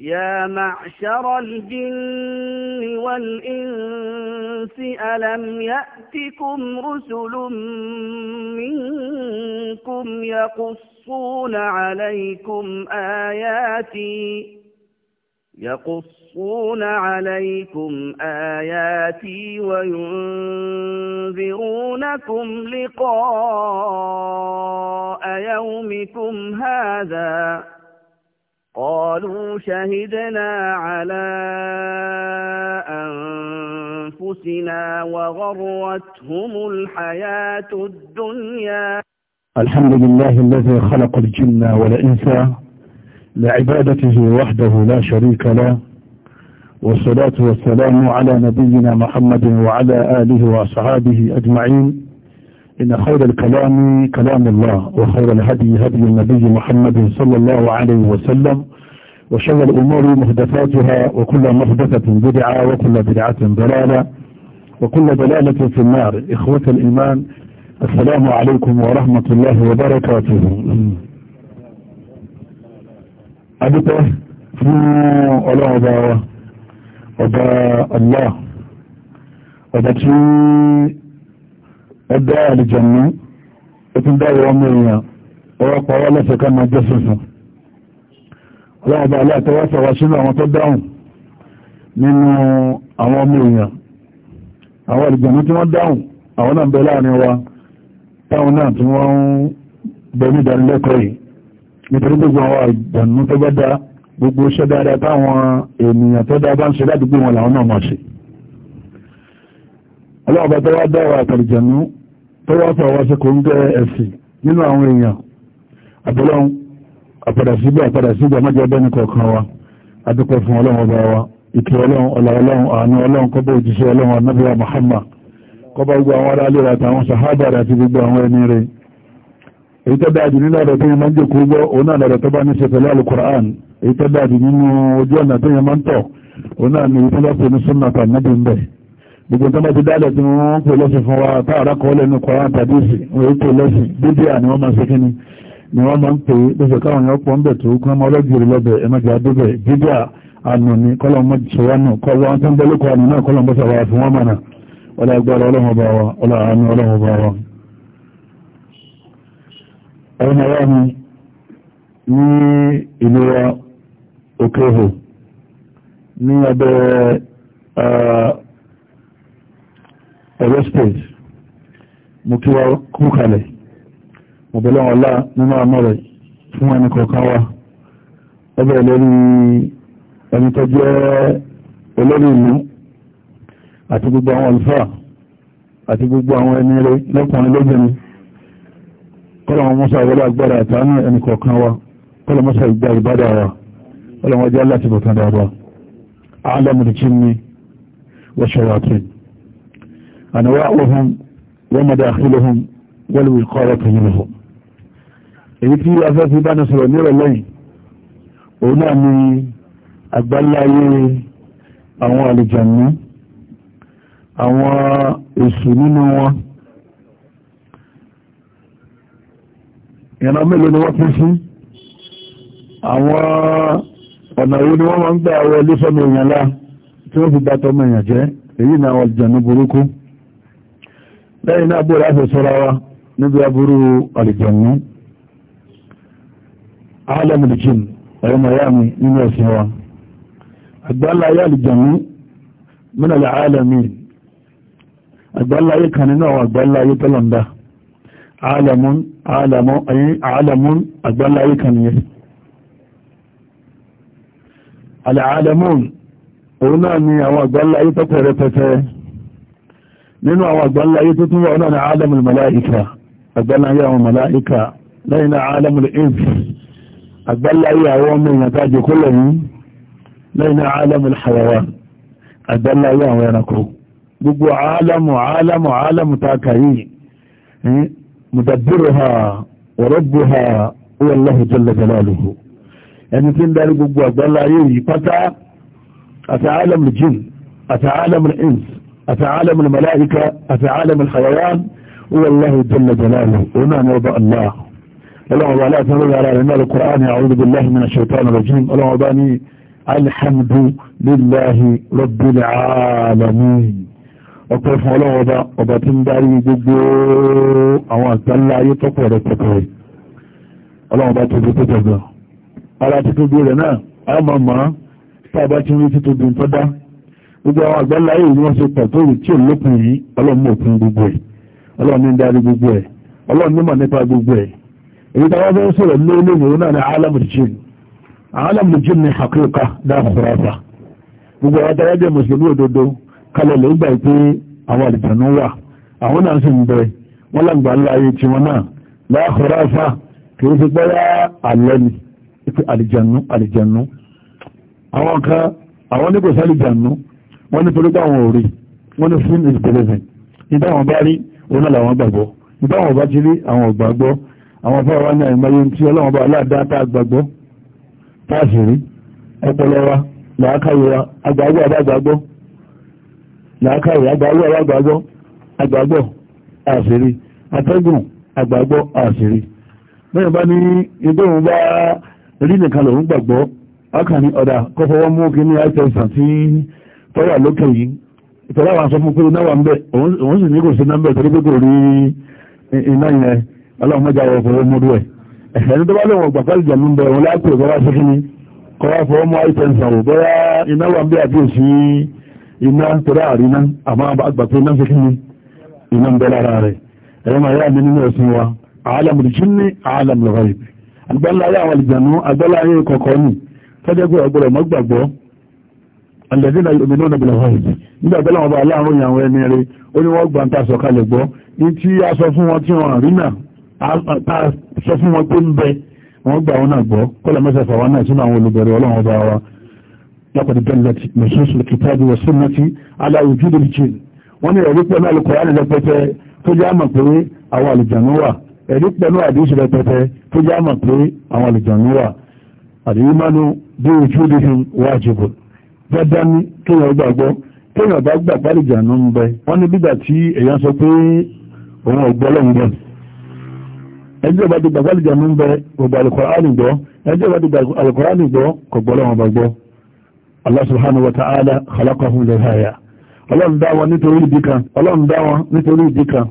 يا معشر الجن والإنس ألم يأتكم رسل منكم يقصون عليكم آياتي يقصون عليكم آياتي وينذرونكم لقاء يومكم هذا قالوا شهدنا على أنفسنا وغرتهم الحياة الدنيا الحمد لله الذي خلق الجن والإنس لعبادته وحده لا شريك له والصلاة والسلام على نبينا محمد وعلى آله وأصحابه أجمعين إن خير الكلام كلام الله وخير الهدي هدي النبي محمد صلى الله عليه وسلم وشر الأمور مهدفاتها وكل مهدفة بدعة وكل بدعة ضلالة وكل ضلالة في النار إخوة الإيمان السلام عليكم ورحمة الله وبركاته أبدا في الله أبا الله أبا ẹgbẹ́ àlìjẹ̀mú ó tún dáwọ́ ọmọ èèyàn ọwọ́ pàwọ́ lẹ́sẹ̀ ká máa jẹ́ sọ̀sọ̀ ọlọ́ọ̀bá aláàtọwọ́sọ̀ wá sínú àwọn tó dáhùn nínú àwọn ọmọ èèyàn àwọn àlìjẹ̀mú tí wọ́n dáhùn àwọn náà bẹ láàrin wa táwọn náà tí wọ́n ń bẹ ní ìdánilẹ́kọ̀ọ́ yìí nítorí gbogbo àwọn àlìjẹ̀mú tó bá dá gbogbo iṣẹ́ dáadáa táwọn ènìyàn tó dá bá ń ṣe ládùúgbò wọn làwọn náà máa ṣe ọlọ́ọ̀bá tó wá dáwọ́ àtàlìjẹ̀mú tó wá fà wá sí kò ń gẹ́ ẹ̀sìn nínú àwọn èèyàn àbúlọ́hún àpàdà síbẹ̀ àpàdà síbẹ̀ má jẹ́ ọbẹ̀ni kọ̀ọ̀kan wa adúpẹ́ fún ọlọ́run ọba wa ìkẹ́ ọlọ́run ọ̀là ọlọ́run àánú ọlọ́run kọ́bọ̀ òjíṣẹ́ ọlọ́run anábíyà Muhammad kọ́bọ̀ gbogbo àwọn aráàlú àtàwọn sàhábà àti gbogbo àwọn ẹni rẹ̀ èyí tó dáadì nínú ọ̀rọ̀ tó yẹ máa ń jòkó gbọ́ òun náà lọ́rọ̀ tó bá ní ṣe pẹ̀lú alukur'an èyí tó dáadì nínú ojú ọ̀nà tó yẹ máa ń tọ̀ òun náà ni ìfúnlọ́pẹ̀ ní súnnà tàbí ń bẹ̀ gbogbo tó bá ti dálẹ̀ tí wọ́n pè lọ́sìn fún wa táàrà kọ́ lẹ́nu kọ́ra tàbíìsì wọ́n pè lọ́sìn dídí à ní wọ́n máa ṣe kí ni ni wọ́n máa ń pè é lọ́sẹ̀ káwọn èèyàn pọ̀ ń bẹ̀ tó kí wọ́n máa lọ́gìrì lọ́bẹ̀ ẹ má jẹ́ àdébẹ̀ dídí à ànà ni kọ́lọ̀ mọ́ ṣọwọ́nù kọ́wọ́ tó ń bẹ́ lóko àná náà kọ́lọ̀ mọ́sà wa fún wọn mọ̀nà ọlá agbára ọlọ́run ọba wa ọlá àánú ọlọ́run ọba wa. ọ̀run ara mi ní ìlú wa òkèhò ní abẹ́ ọ̀rọ̀ space mo kí wa kú kalẹ̀ ọ̀bẹ̀lẹ̀ ọ̀la nínú àmọ́ rẹ̀ fún ẹni kọ̀ọ̀kan wa ọbẹ̀ lórí ẹni tó jẹ́ olórí ìlú àti gbogbo àwọn àlùfáà àti gbogbo àwọn ẹni rẹ̀ lọ́kùnrin lóbìnrin kọ́lọ̀ wọn mọ́sá ìwọlé agbára àtàánú ẹni kọ̀ọ̀kan wa kọ́lọ̀ mọ́sá ìgbà ìbádà wa kọ́lọ̀ wọn jẹ́ láti bọ̀tán dáadáa àádọ́mùdìkí ni wọ́n ṣọwọ́ àtúnyìn ànáwáhùn wọ́n mọ̀dá àkílòhùn wọ́n lè kọ́ ọ̀rọ̀ pẹ̀lú ọ̀hún èyí tí afẹ́fẹ́ bá ní sọ̀rọ̀ ní ọ̀rọ̀ lẹ́yìn òun náà ni àgbáláyé àwọn àlùjànnú àwọn èṣù nínú wọn ìran mélòó ni wọ́n pín sí àwọn ọ̀nà wo ni wọ́n máa ń gbà wọlé sọ́nà èèyàn lá tí wọ́n fi bá tọmọ èèyàn jẹ́ èyí ni àwọn àlùjànnú burúkú lẹ́yìn náà bóòlá ṣe sọ́ra wa níbi aburú àlìjọ̀nú alamilikin ẹ̀rọ miami nínú ẹ̀sìn wa àgbáláyé àlìjọ̀nú mínàlẹ̀ alami àgbáláyé kan nínú àwọn àgbáláyé tọ́lọ̀ndá alamun alamun alamun àgbáláyé kan nìyẹn alamun òun náà ni àwọn nínú àwọn àgbàlá ayé tó tún wà náà ní alamul malaika àgbàlá ayé àwọn malaika lẹ́yìn náà alamul ins àgbàlá ayé àwọn ọmọ èèyàn tá a jòkó lẹ́yìn lẹ́yìn náà alamul hayawan àgbàlá ayé àwọn ẹranko gbogbo alamu alamu alamu tá a kà yìí mudabbiruha wa rabbuha huwa Allahu jalla jalaluhu ẹni tí ń darí gbogbo àgbàlá ayé yìí pátá àti alamul jinn àti alamul ins عالم الملائكة أفعالم الحيوان هو الله جل جلاله ومن وضع الله اللهم لا تنرد على رمال القرآن أعوذ بالله من الشيطان الرجيم اللهم باني الحمد لله رب العالمين وقف الله ọlọ́wọ́ ọba ọba tí ń darí gbogbo àwọn àgbáńlá ayé tọ́pọ̀ rẹ̀ tọ́pọ̀ rẹ̀ ọlọ́wọ́ ọba tó gbogbo tọ́gbọ̀n gbogbo àwọn àgbàlá yìí ni wọ́n ṣe pàtó yìí tí ò lópin yìí ọlọ́run mọ̀ fún gbogbo ẹ̀ ọlọ́run ní darí gbogbo ẹ̀ ọlọ́run ní mọ̀ nípa gbogbo ẹ̀ èyí táwọn fẹ́ sọ̀rọ̀ lórí ìwé náà ní alamujin alamujin ní hakika dá kúrọ́fà gbogbo àwọn táwọn jẹ́ mùsùlùmí òdodo kalẹ̀ ló gbà pé àwọn àlìtànú wà àwọn náà sì ń bẹ wọn lágbà ńlá ayé tí wọn náà lá kì í fi pẹ́yà àwọn kan àwọn oníkòsálìjànú wọ́n ní torí báwọn ò rí wọ́n ní sin is believing ìdá àwọn bá rí òun náà làwọn gbàgbọ́ ìdá àwọn bá ti rí àwọn ògbàgbọ́ àwọn afẹ́ wa ní àìmọye tí ọlọ́wọ́n bá aláàdá tá gbàgbọ́ tá a sì rí ọpọlọ wa làákàyè wa agbàgbọ́ àbágbàgbọ́ làákàyè agbàgbọ́ àbágbàgbọ́ agbàgbọ́ àṣírí atẹ́gùn àgbàgbọ́ àṣírí bẹ́ẹ̀ bá ní ìdóhùn bá rí nìkan lòun gbàgbọ́ ọkàn ní ọ̀dà kọ́fọwọ́ mú tọ́wà lókè yìí ìtọ́lá wa sọ fún pé iná wà ń bẹ òun sì ní kò sí iná ń bẹ torí pé kò rí iná yẹn ọlọ́run mọ́jà wọ fọwọ́ mọ́dú ẹ̀ ẹ̀ẹ́dẹ́ tó bá lè wọ̀n gbàgbá ìjà ń bẹ òun lápè kọ́wá sí kíni kọ́wá fọwọ́ mọ́ àìsàn wò bọ́yá iná wà ń bẹ àti òsì iná torí àríná àmọ́ àgbà pé iná sí kíni iná ń bẹ lára rẹ̀ ẹ̀rọ máa yá mi nínú ẹ̀sìn wa àálàmùlù jí ní àálàmùlù rẹ̀ àgbáńlá ayé àwọn àlìjànú àgbáńlá ayé kọ̀ọ̀kọ́ ni tọ́jọ́ àlẹ́dínà ìrìnà nàbìlà wáyìí nígbàtí láwọn bá aláàrùn ìyàwó ẹni rẹ̀ ó ní wọ́n gbà ń tàṣọ kalẹ̀ gbọ́ ní tí a sọ fún wọn tí wọ́n rí náà a sọ fún wọn tó ń bẹ wọ́n gbà wọn náà gbọ́ kọ́lẹ̀ mẹ́sẹ̀ fàwọn náà sínú àwọn olùbẹ̀rẹ̀ ọlọ́run ọba wa lápàdé dẹ́lẹ̀tì mẹ́sọ́sọ́ kìtàbí wọ sunnati ala wujudil jinn wọ́n ní ẹ̀rí pẹ̀lú alukọ̀rán lẹ́pẹtẹ tó já mọ̀ pé àwọn àlùjànnú wà ẹ̀rí pẹ̀lú àdéhùn lẹ́pẹtẹ tó já mọ̀ pé àwọn àlùjànnú wà àdéhùn mánu bí wujudihim wajibun dáadáa ní kéèyàn gbàgbọ́ kéèyàn bá gbà pálíjà náà ń bẹ wọ́n ní bígbà tí èèyàn sọ pé òun ọ̀gbọ́ lọ́wọ́ bẹ̀ ẹjọ́ bá ti gbà pálíjà náà ń bẹ gbogbo alukọ̀ránì gbọ́ ẹjọ́ bá ti gbà alukọ̀ránì gbọ́ kò gbọ́ lọ́wọ́ bá gbọ́ Allah subhanahu wa ta'ala khalaqahum lẹ́hàyà ọlọ́run dá wọn nítorí ìdí kan ọlọ́run dá wọn nítorí ìdí kan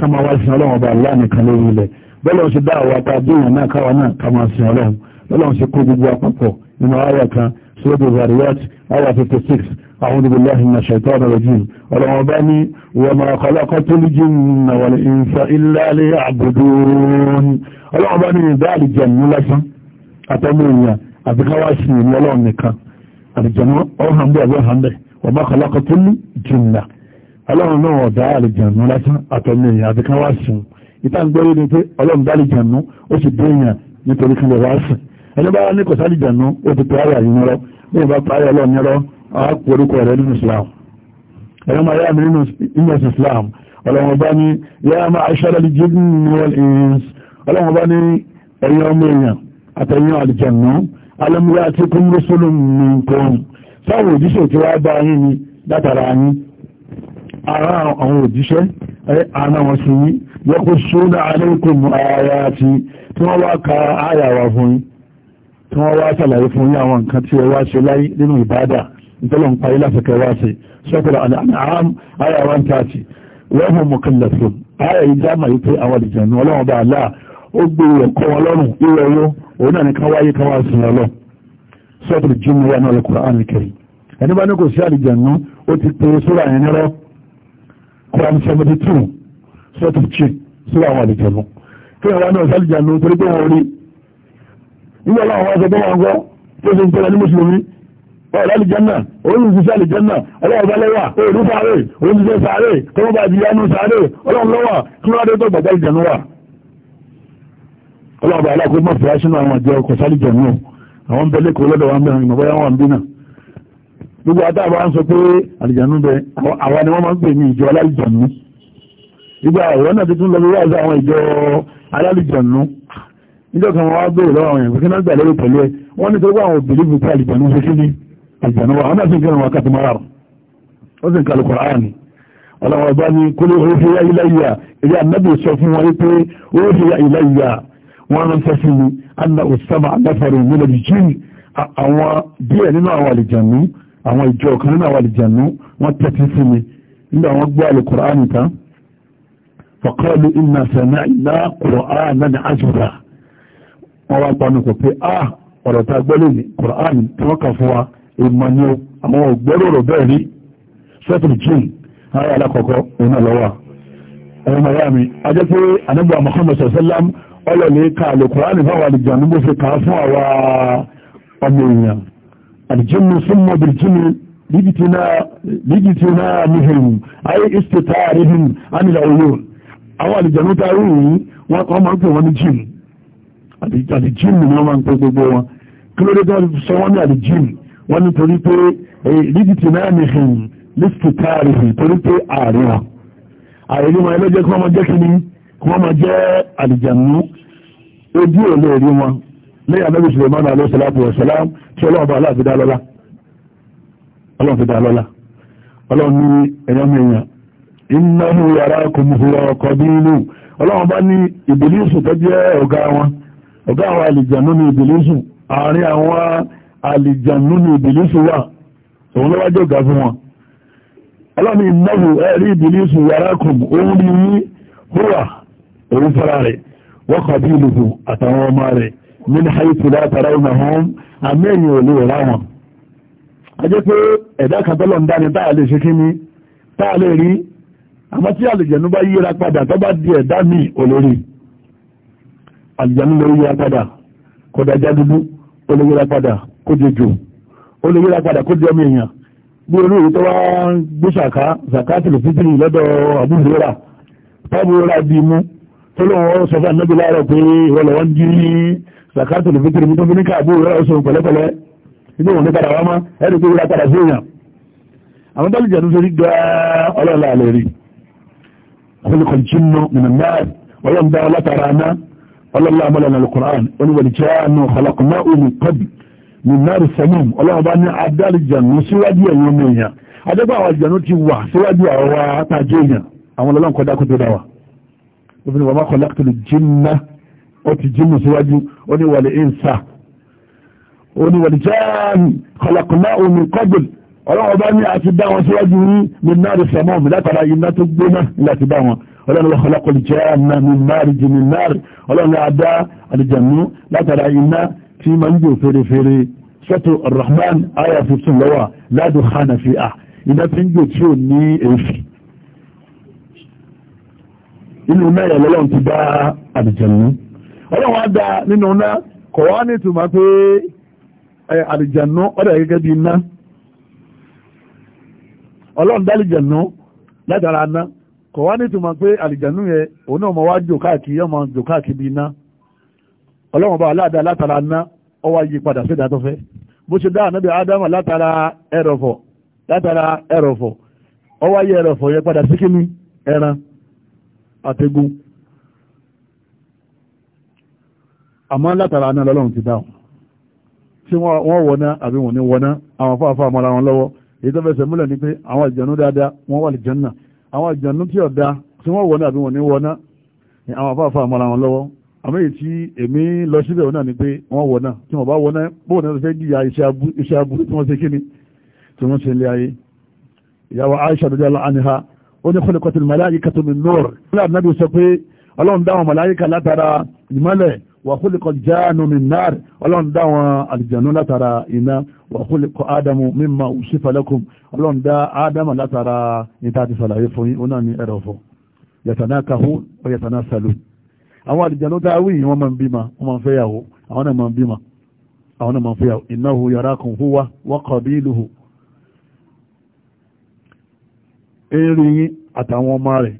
tó bọ́lọ̀ ṣe dá àwọn àtàdéyàn náà káwa náà ká máa sin ọlọ́run bọ́lọ̀ ṣe kó gbogbo àpapọ̀ nínú àyà kan sódò Zariyat àyà 56 a'udhu billahi minash shaitani rajim ọlọ́run bá ní wa ma khalaqtul jinna wal insa illa liya'budun ọlọ́run bá ní ìdá àlìjẹ̀mú lásán àtọ́mú èèyàn àti káwá sí ìlú ọlọ́run nìkan àlìjẹ̀mú ọ̀hánbé àbí ọ̀hánbé wa ma khalaqtul jinna ọlọ́run náà ọ̀dá àlìjẹ̀mú lásán àtọ́mú èèyàn àti káwá sí ìta ń gbọ́rọ̀ ni pé ọlọ́run dá àlìjànú ó sì dé èèyàn nítorí kí lè wá sùn ẹni bá ní kò sálìjànú ó ti parí àyìn rọ bí ìbá parí ọlọ́run rọ á kú orúkọ rẹ nínú Islam ẹ̀rọ máa yá mi nínú Islam ọlọ́run bá ní yá máa aṣọ́rọ̀ lè jẹ́ nínú ọlọ́run bá ní ẹ̀yin ọmọ èèyàn àtẹ̀yìn àlìjànú ara àwọn òjíṣẹ́ ara wọn yaqusuna alaykum ayati tí wọ́n wá ka àyà wa fún yín tí wọ́n wá ṣàlàyé fún yín àwọn nǹkan tí ẹ wá ṣe láyé nínú ìbádà ìtọ́lọ̀ ń parí láfẹ́kẹ́ wá ṣe sọ́kùnrin àlàáhàm àyà wa ń tààtì wọ́n mú mukallafun àyà yìí já màá pé àwọn àdìjànú ọlọ́run bá aláà ó gbé rẹ̀ kọ́ sí ọlọ́ sọ́kùnrin jùmọ̀ wà sí ọtí ṣe sí àwọn àlejànú kí wọn wá náà sí àlejànú torí pé wọn rí nígbà láwọn wá sọ pé wọn gbọ́ tó ṣe ń tẹ̀lé ní mùsùlùmí wọn rí àlejànà òun ti sí àlejànà ọlọ́run bá lẹ́wà òun sáré òun ti sẹ́ sáré tó wọ́n bá di yánú sáré ọlọ́run lọ́wà kí wọ́n adé tó gbàgbá àlejànú wà. ọlọ́run bá aláàkó mọ̀ fìyà sínú àwọn àjọ ọkọ̀ sálìjànú àwọn bẹ́lẹ̀ kó lọ́dọ̀ wọn bẹ̀rẹ̀ ìmọ̀bọ́yá wọn bí náà gbogbo àtàwọn sọ pé àlejànú bẹ àwọn ni wọ́n máa ń pè ní ìjọ alálejànú ìgbà ìwọ́n náà tuntun lọ́wọ́ wáyé àwọn ìjọ alálìjọ̀nù níjọ́ kan wọ́n bèèrè lọ́wọ́ àwọn ìpínlẹ̀ náà gbàlẹ́rẹ́ pẹ̀lú ẹ wọ́n ní tó wọ́n bèèrè bí pé àlìjọ̀nù ṣe kí ní àlìjọ̀nù wa náà sì ń kẹrin wọn kàtí mara rọ̀ ó sì ń kalu Kùránì ọlọ́wọ́ bá ní kólé oríṣi iláyà ilé anábì sọ fún wọn pé oríṣi iláyà wọn rán sọ fún mi anna osama aláfàrí nílẹ̀ jìn àwọn ìjọ kan nínú àwọn àlìjọ̀nù wọ́n tẹ́tí sí mi nígbà wọ́n gbọ́ àlùkùránì tán fọ̀kọ́lù iná sẹ̀nà iná kùrọ̀ánà àjùbà wọ́n wá panukọ̀ pé a ah, ọ̀rọ̀ tá gbọ́lẹ̀ ní kùrọ̀ánì tí wọ́n kà fún wa ìmọ̀ ni àwọn ògbẹ́rọ̀rọ̀ bẹ́ẹ̀ rí sẹ́tùrù jìn ara alákọ̀ọ́kọ́ iná lọ́wọ́ ẹ̀rọ màyà mi ajẹ́ pé anábà Muhammad sallam ọlọ́lẹ̀ ka lè kùrọ̀ánì fáwọn àwọn àlìjẹ̀mú ta rí yìí wọ́n kọ́ máa ń pè wọ́n ní jim àlìjìmù ni wọ́n máa ń pè gbogbo wọn kí ló dé tó sọ wọ́n ní àlìjìmù wọ́n ní torí pé eh, lídìtì náà ní hìn lísìtì káàrí hìn torí pé ààrẹ wọn àìrí wọn ẹlẹ́jẹ́ kí wọ́n máa jẹ́ kí ni kí wọ́n máa jẹ́ àlìjẹ̀mú ojú ò lè rí wọn lẹ́yìn anábì Suleiman alayhi salatu wa salam tí ọlọ́run bá aláàfin dá lọ́lá ọlọ́run fi dá lọ́lá ọlọ́run ní ẹ̀yọ́ mẹ́yàn innahu yarakum huwa qabilu ọlọ́wọ́n bá ní ìbìlísù tó jẹ́ ọ̀gá wọn ọ̀gá àwọn àlìjànú ní ìbìlísù àárín àwọn àlìjànú ní ìbìlísù wà òun lọ́wọ́ wájú ọ̀gá fún wọn ọlọ́run innahu ẹ̀rí ìbìlísù yarakum òun ní huwa òun fara rẹ̀ àtàwọn ọmọ rẹ̀ a jẹ́ pé ẹ̀dá kan tọ́lọ̀ ń lè àmọ́ tí àlìjẹ̀nú bá yíra padà tó bá di ẹ̀dá mi olórí àlìjẹ̀nú lè yíra padà kó dájá dúdú ó lè yíra padà kó di jù ó lè yíra padà kó di ọmọ èèyàn bí olóòrè tó wá gbé ṣàká ṣàká tìlù fífìrì lọ́dọ̀ àbúrò tábù rà bí mú tó lóun sọ fún ànábì láàárọ̀ pé ìwọ lọ́wọ́ ń jí ní ṣàká tìlù fífìrì mú tó fi ní káàbù rà ó sọ pẹ̀lẹ́pẹ̀lẹ́ inú òun ní padà wá mọ́ ẹ̀rí pé ó padà sí èèyàn àwọn tálíjẹ̀nú ṣe rí خلق الجن من النار وينبع لترانا قال الله ملنا القرآن قل والجان خلقناه من قبل من نار السموم الله بأن عدال الجن سوادي يومين أدبع الجن تيوا سوادي أوا تاجينا أولا الله قد أكد دوا وفن وما خلقت الجن أتي جن سوادي وني والإنسا وني والجان خلقناه من قبل ọlọ́run ọba ní àti dá wọn síwájú ní minari samom látara iná tó gbóná láti dá wọn ọlọ́run wọ́n kọlọ́kọ̀ jẹ́ àmà minari jì minari ọlọ́run àdá àdìjànú látara iná tí ma ń jò fèrèfèrè sọ́tò rahman aya 15 lọ́wà ládùn hànà fi à iná tí ń jò tí ò ní èéfì inú náà lọ́lọ́run ti dá àdìjànú ọlọ́run àdá nínú náà kọ̀wá ní ìtumọ̀ pé àdìjànú ọ̀dà ọlọ́run dá àlìjẹ̀nú látara ná kò wá nítumọ̀ pé àlìjẹ̀nú yẹn òun náà mọ̀ wá jò káàkiri ọmọ jò káàkiri bí iná ọlọ́run bá aláàdá látara ná ọ wá yí padà sí ìdátọ́ fẹ́ bó ṣe dá ànábì ádámà látara ẹrọ̀fọ̀ látara ẹrọ̀fọ̀ ọ wá yí ẹrọ̀fọ̀ yẹn padà sí kíní ẹran àtẹ̀gùn àmọ́ látara ná lọ́lọ́run ti dáhùn tí wọ́n wọ̀ ná àbí wọ́n ní wọ̀ ná àwọn afọ́ àfọ́ àmọ́ra wọn lọ́wọ́ èyí tó fẹsẹ̀ múlẹ̀ ni pé àwọn àjànú dáadáa wọ́n wà lè jẹ́nà àwọn àjànú tí ọ̀dá tí wọ́n wọ̀ná àbí wọ́n ní wọ́ná àwọn afáfà mara wọn lọ́wọ́ àmì tí èmi lọ síbẹ̀ wọn náà ni pé wọ́n wọ̀ná tí wọ́n bá wọ̀ná bóun náà fẹ́ jìyà iṣẹ́ aburú tí wọ́n ṣe kíni tí wọ́n ṣe lé ayé ìyàwó Aisha dọjọ́ anha ó ní kọ́lẹ̀kọ́tì màláyíkà tó mi nọ́ọ̀rọ̀ wàkúlìkọ̀ jáánu min náàrì ọlọ́run dá wọn àlìjànú látara iná wàkúlìkọ̀ ádámù mímọ̀ òṣìfàlẹ́kùn ọlọ́run dá ádámù látara níta ti sàlàyé fún yín oná ní ẹ̀rọ̀fọ̀ yàtàná kahú ọ yàtàná salù àwọn àlìjànú tá a máa ń bímọ wọ́n máa ń fẹ́ àwọn náà máa ń bímọ àwọn náà máa ń fẹ́ yàwó innahu yarakum huwa wa qabiluhu erin àtàwọn ọmọ rẹ̀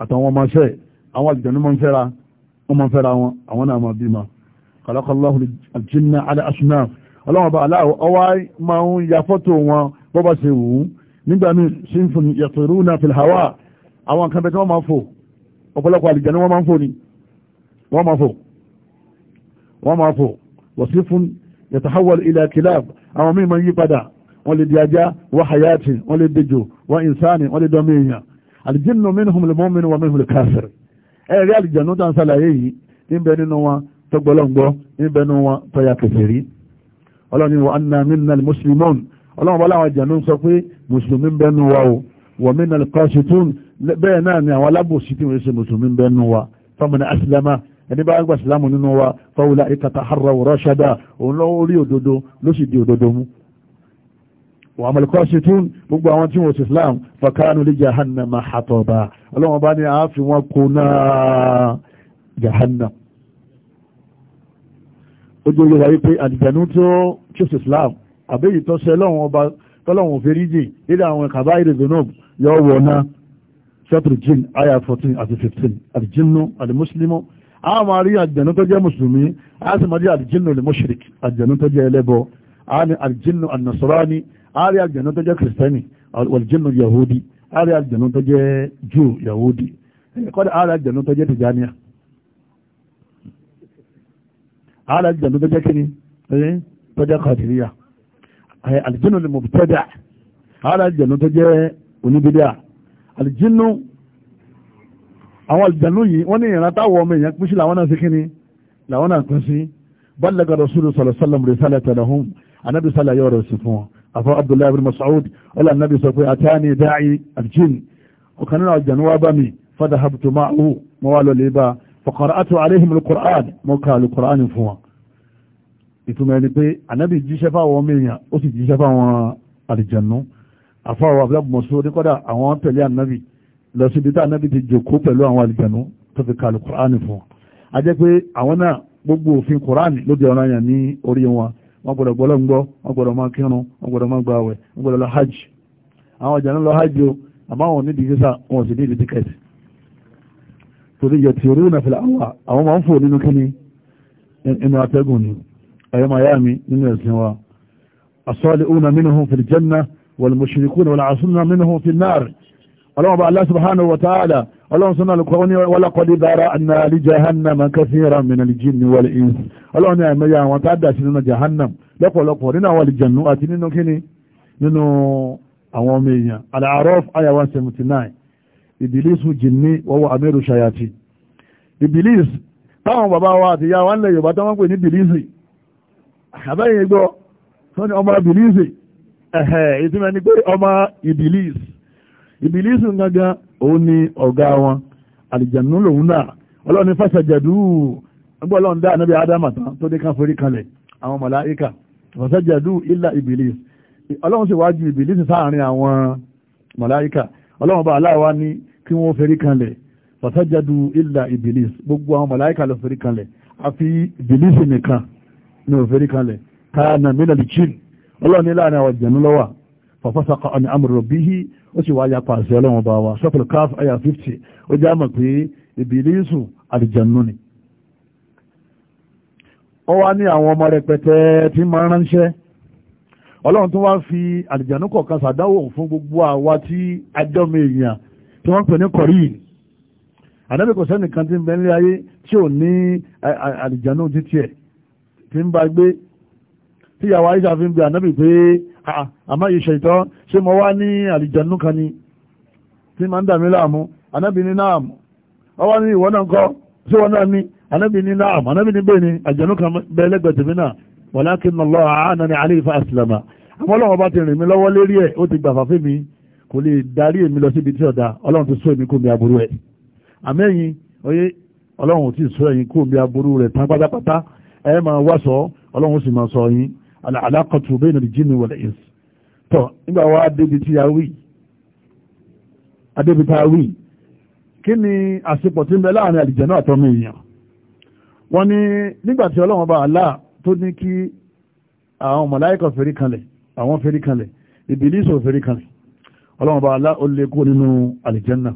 àtàwọn ọmọ wọ́n máa fẹ́ra wọn àwọn náà máa bímọ kàlákọ́láhùn àjínà aláṣùnà ọlọ́wọ́n bá aláwọ̀ ọwá máa ń ya fọ́tò wọn bọ́ bá ṣe wù ú nígbà míì sínfún yàtọ̀rú náà fil hawa àwọn nǹkan bẹ́ẹ̀ tí wọ́n máa fò ọ̀pọ̀lọpọ̀ àlìjẹ́ ni wọ́n máa ń fò ni wọ́n máa fò wọ́n máa fò wasifun yatahawal ila kilab àwọn míì máa yí padà wọ́n lè di ajá wọ́n hayati wọ́n lè dejò wọ́n insani wọ́n lè dọ́mí èèyàn àlìjẹ́ ẹ̀rí àlìjànú tá ń ṣàlàyé yìí ń bẹ nínú wọn tọgbọ́lọ́ngbọ́ ń bẹ nínú wọn tọ́ya kèfèrí ọlọ́run ni wọ́n anna minna muslimun ọlọ́run bọ́lá àwọn àjànú sọ pé mùsùlùmí ń bẹ nínú wa o wọ́n minna qasitun bẹ́ẹ̀ náà ni àwọn alábòsí tí wọ́n ṣe wà mọ̀lẹ́kọ́sí tún gbogbo àwọn tí wọ́n ti Islam fakanu li jahannama hataba ọlọ́wọ́n bá ní àáfin wọn kó náà jahannam ó jẹ́ yóò wáyé pé àdìjànú tó chief Islam àbẹ́yì tó ṣe lọ́wọ́n ọba tọ́lọ́wọ́n fèrè jì nílẹ̀ àwọn kàbá ìrìnzónòb yọ wọ̀ náà sẹ́tùrù jìn àyà 14 àti 15 àdìjínú àdìmúsílímù a máa rí àjẹ̀nú tó jẹ́ mùsùlùmí a sì máa rí àdìjínú tó jẹ́ ẹlẹ́bọ a ní àdìjínú ànàsọ́rání ààrẹ àjẹ̀nú tó jẹ́ kìrìsìtẹ́nì wàlìjẹ́nu yahudi ààrẹ àjẹ̀nú tó jẹ́ jù yahudi kọ́dà ààrẹ àjẹ̀nú tó jẹ́ tìjànìyà ààrẹ àjẹ̀nú tó jẹ́ kíni eh, tó jẹ́ kàdìríyà àlìjẹ́nu lè mọ̀bùtẹ́dà ààrẹ àjẹ̀nú tó jẹ́ oníbídà àlìjẹ́nu àwọn àlìjẹ̀nú yìí wọ́n ní ìrántá wọ ọmọ èèyàn pín sí làwọn náà sí kíni làwọn náà pín sí balaga rasulu sallallahu alaihi wasallam risalata lahum anabi sallallahu alaihi wasallam sí fún wọn afọ abdullahi ibn masoud ọlá nàbí sọ pé àtàní dáì aljin ọ̀kan nínú àjànú wa bá mi fada habtu ma'u mo wá lọlé bá fọkàrà àtọ aléhìm alukur'an mo ka alukur'an fún wa ìtumọ̀ ẹni pé ànábì jíṣẹ́ fáwọn mẹ́yàn ó sì jíṣẹ́ fáwọn àlìjànú afọ àwọn abdullahi ibn masoud kọ́dà àwọn tẹ̀lé ànábì lọ sí ibi tá ànábì ti jòkó pẹ̀lú àwọn àlìjànú tó fi ka alukur'an fún wa a jẹ́ pé àwọn náà gbogbo òfin kur'an ló di ọ̀ranyàn ní orí wọn wọ́n gbọ́dọ̀ gbọ́lọ́ gbọ́ wọ́n gbọ́dọ̀ máa kírun wọ́n gbọ́dọ̀ máa gba àwẹ̀ wọ́n gbọ́dọ̀ lọ hajj àwọn ọjà náà lọ hajj o àmọ́ àwọn onídìí sísà wọn sì ní ìdí tíkẹ́ẹ̀tì torí yẹ tí orílẹ̀ fìlà àwà àwọn máa ń fò nínú kíní inú atẹ́gùn ni ẹ̀yọ́ máa yá mi nínú ẹ̀sìn wa as-salihuna minhum fil janna wal mushrikuna wal asuna minhum ọlọ́run sọ́nà lùkọ́ ní wọ́lọ́kọ́dé dára anna alì jahannama kathiran min al-jinni wal-ins ọlọ́run ní àìmẹ́yà àwọn tá a dà sí nínú jahannam lọ́pọ̀lọpọ̀ nínú àwọn àlìjẹ̀nù àti nínú kíni nínú àwọn ọmọ èèyàn al-A'raf aya 179 ìbílísù jìnní wọ́wọ́ amẹ́rù ṣayati ìbílís táwọn bàbá wa àti ìyá wa ń lẹ̀ yorùbá tó wọ́n pè ní bìlísì àbẹ́yìn gbọ́ òun ni ọ̀gá wọn àlìjànú lòun náà ọlọ́ni fàṣàjàdú ọgbọ́n ọlọ́run dá ànábì ádámà tán tó dé kan forí kanlẹ̀ àwọn màláíkà fàṣàjàdú ilà ìbìlìs ọlọ́run sì wájú ìbìlìs sáàrin àwọn màláíkà ọlọ́run bá aláwa ní kí wọ́n forí kanlẹ̀ fàṣàjàdú ilà ìbìlìs gbogbo àwọn màláíkà ló forí kanlẹ̀ àfi ìbìlìs nìkan ní òforí kanlẹ̀ káà nà mí fàfásàkà ọ̀nà àmúrò bí i ó sì wáyà pa àṣẹ ọlọ́run bá wa sọ́pẹ̀lú káf àyà 50 ó já mọ̀ pé ìbílísù àdìjànú ni ó wá ní àwọn ọmọ rẹpẹtẹ tí máa ránṣẹ́ ọlọ́run tó wá fi àdìjànú kọ̀ọ̀kan sàdáwò fún gbogbo àwa tí adọ́mọ èèyàn tí wọ́n pè ní kọ̀rí àdábì kò sẹ́nìkan tí ń bẹ nílé ayé tí ò ní àdìjànú títí ẹ̀ tí ń bá gbé tíyàwó àyíṣà fi ń bẹ ànábì pé Ah, àmá yìí ṣètọ́ ṣé mo wá ní àlìjànú kan ni tí máa ń dàmí láàmú anábì ní náàmù wọ́n wá ní ìwọ náà kọ́ sí wọn náà ní anábì ní náàmù anábì ní bẹ́ẹ̀ ni àlìjànú kan bẹ́ẹ̀ lẹ́gbẹ̀ẹ́ tèmi náà walakin Allah àánani alẹ́ ìfà àsìlámà àmọ́ ọlọ́run bá ti rìn mí lọ́wọ́ lérí ẹ̀ ó ti gbà fàfẹ́ mi kò lè darí èmi lọ síbi tí ọ̀dà ọlọ́run ti sọ èmi kò mi aburú ẹ̀ àmẹ́yìn oyé ọlọ́run ò sọ ẹ̀yìn kò mi aburú rẹ̀ tán pátápátá ẹ̀ máa wá sọ ọlọ́run sì máa sọ yín alákọ̀tù bẹ́ẹ̀ nàìjí ni wọlé is tọ́ nígbà wa débi tí a wí adébi tá a wí kí ni àsepọ̀ tí ń bẹ láàrin àlìjẹ̀nà àtọ́mọ èèyàn wọ́n ní nígbà tí ọlọ́run bá àlá tó ní kí àwọn mọ̀láìkọ̀ fèrí kanlẹ̀ àwọn fèrí kanlẹ̀ ìbílísò fèrí kanlẹ̀ ọlọ́run bá àlá ó lè kó nínú àlìjẹ́nà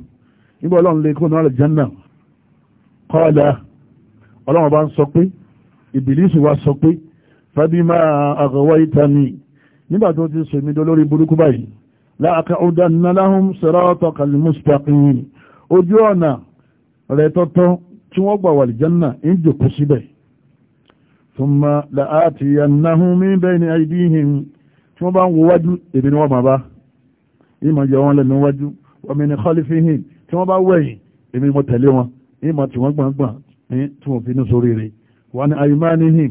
nígbà ọlọ́run lè kó nínú àlìjẹ́nà kọ́ọ̀dà ọlọ́run bá ń sọ pé ìbílísò wa sọ pé fabima aghwaytani nígbà tó ti sèmi dolórí burúkú báyìí la'aq'udanna lahum siratakal mustaqim ojú ọ̀nà rẹ̀ tọ́tọ́ tí wọ́n gbà wal janna ń jòkó síbẹ̀ thumma la'atiyannahum min bayni aydihim wọ́n ni wọ́n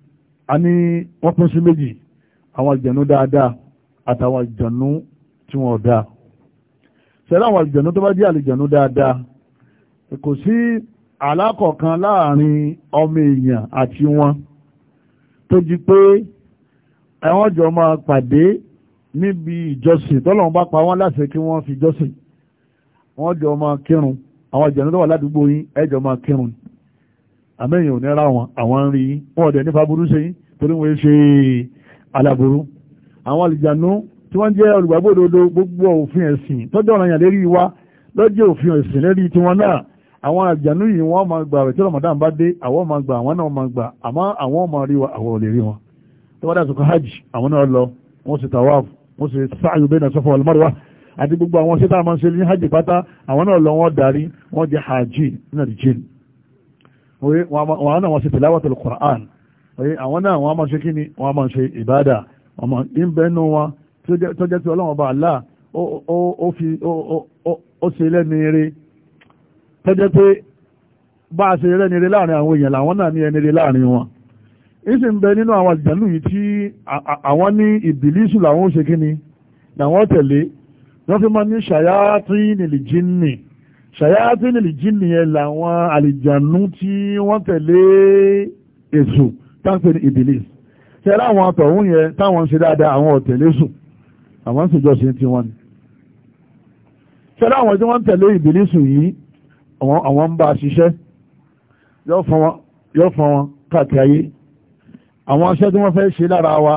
a ní wọ́n pín sí méjì àwọn àlùjànnú dáadáa àtàwọn àlùjànnú tí wọ́n dáa ṣẹlẹ̀ àwọn àlùjànnú tó bá jẹ́ àlùjànnú dáadáa kò sí alákọ̀ọ̀kan láàrin ọmọ èèyàn àti wọn tó jí pé ẹ̀wọ́n jọ máa pàdé níbi ìjọsìn tọ́lọ́run bá pa wọ́n láṣẹ kí wọ́n fi jọ́sìn wọ́n jọ máa kírun àwọn àlùjànnú tó wà ládùúgbò yín ẹ jọ máa kírun àmẹ́yìn òníra wọn àwọn ń rí wọ́n ọ̀dẹ̀ nípa burú sí torí wọ́n ṣe aláburú àwọn àlìjànú tí wọ́n jẹ́ olùgbàgbọ́dodo gbogbo òfin ẹ̀sìn tọ́jọ́ ọ̀ranyàn lérí wa lọ́jọ́ òfin ẹ̀sìn lérí tiwọn náà àwọn àlìjànú yìí wọ́n máa gbà rẹ̀ tí Ramadan bá dé àwọn máa gbà àwọn náà máa gbà àmọ́ àwọn máa rí wa àwọn ò lè rí wọn tó bá dàtúkọ̀ hajj àwọn náà lọ wọ́n sì tawaf wọ́n sì sáàyù bẹ́ẹ̀ náà sọ́fọ̀ al-marwa àti gbogbo àwọn sẹ́tà máa ń ṣe ní hajj pátá àwọn náà lọ wọ́n darí wọ́n jẹ́ hajj náà di jinn wọ́n náà wọ́n ṣe tìláwàtò Qur'an àwọn náà wọ́n máa ṣe kí ni wọ́n máa ṣe ìbádà ọmọ ìbẹ́nu wọn tó jẹ́ tí ọlọ́wọ́n bá Allah ó ṣe lẹ́ni eré tó jẹ́ pé bá a ṣe lẹ́ni eré láàrin àwọn èèyàn làwọn náà ní ẹni eré láàrin wọn ìsì ń bẹ nínú àwọn àjálù yìí tí àwọn ní ìbìlísù làwọn ó ṣe kí ni làwọn tẹ̀lé wọ́n fi máa ní ṣàyátì nìlì jínì ṣàyáàtì lè jí nìyẹn làwọn àlìjànú tí wọ́n tẹ̀lé èṣù táǹpẹ̀ ní ìbílísì tẹ́lá àwọn àtọ̀hún yẹn táwọn ṣe dáadáa àwọn ọ̀tẹ̀lé sùn àwọn ṣèjọ́ sí ti wọ́n ni tẹ́lá àwọn tí wọ́n tẹ̀lé ìbílísì yìí àwọn ń bá a ṣiṣẹ́ yóò fún wọn káàkiri ayé àwọn aṣẹ́ tí wọ́n fẹ́ ṣe lára wa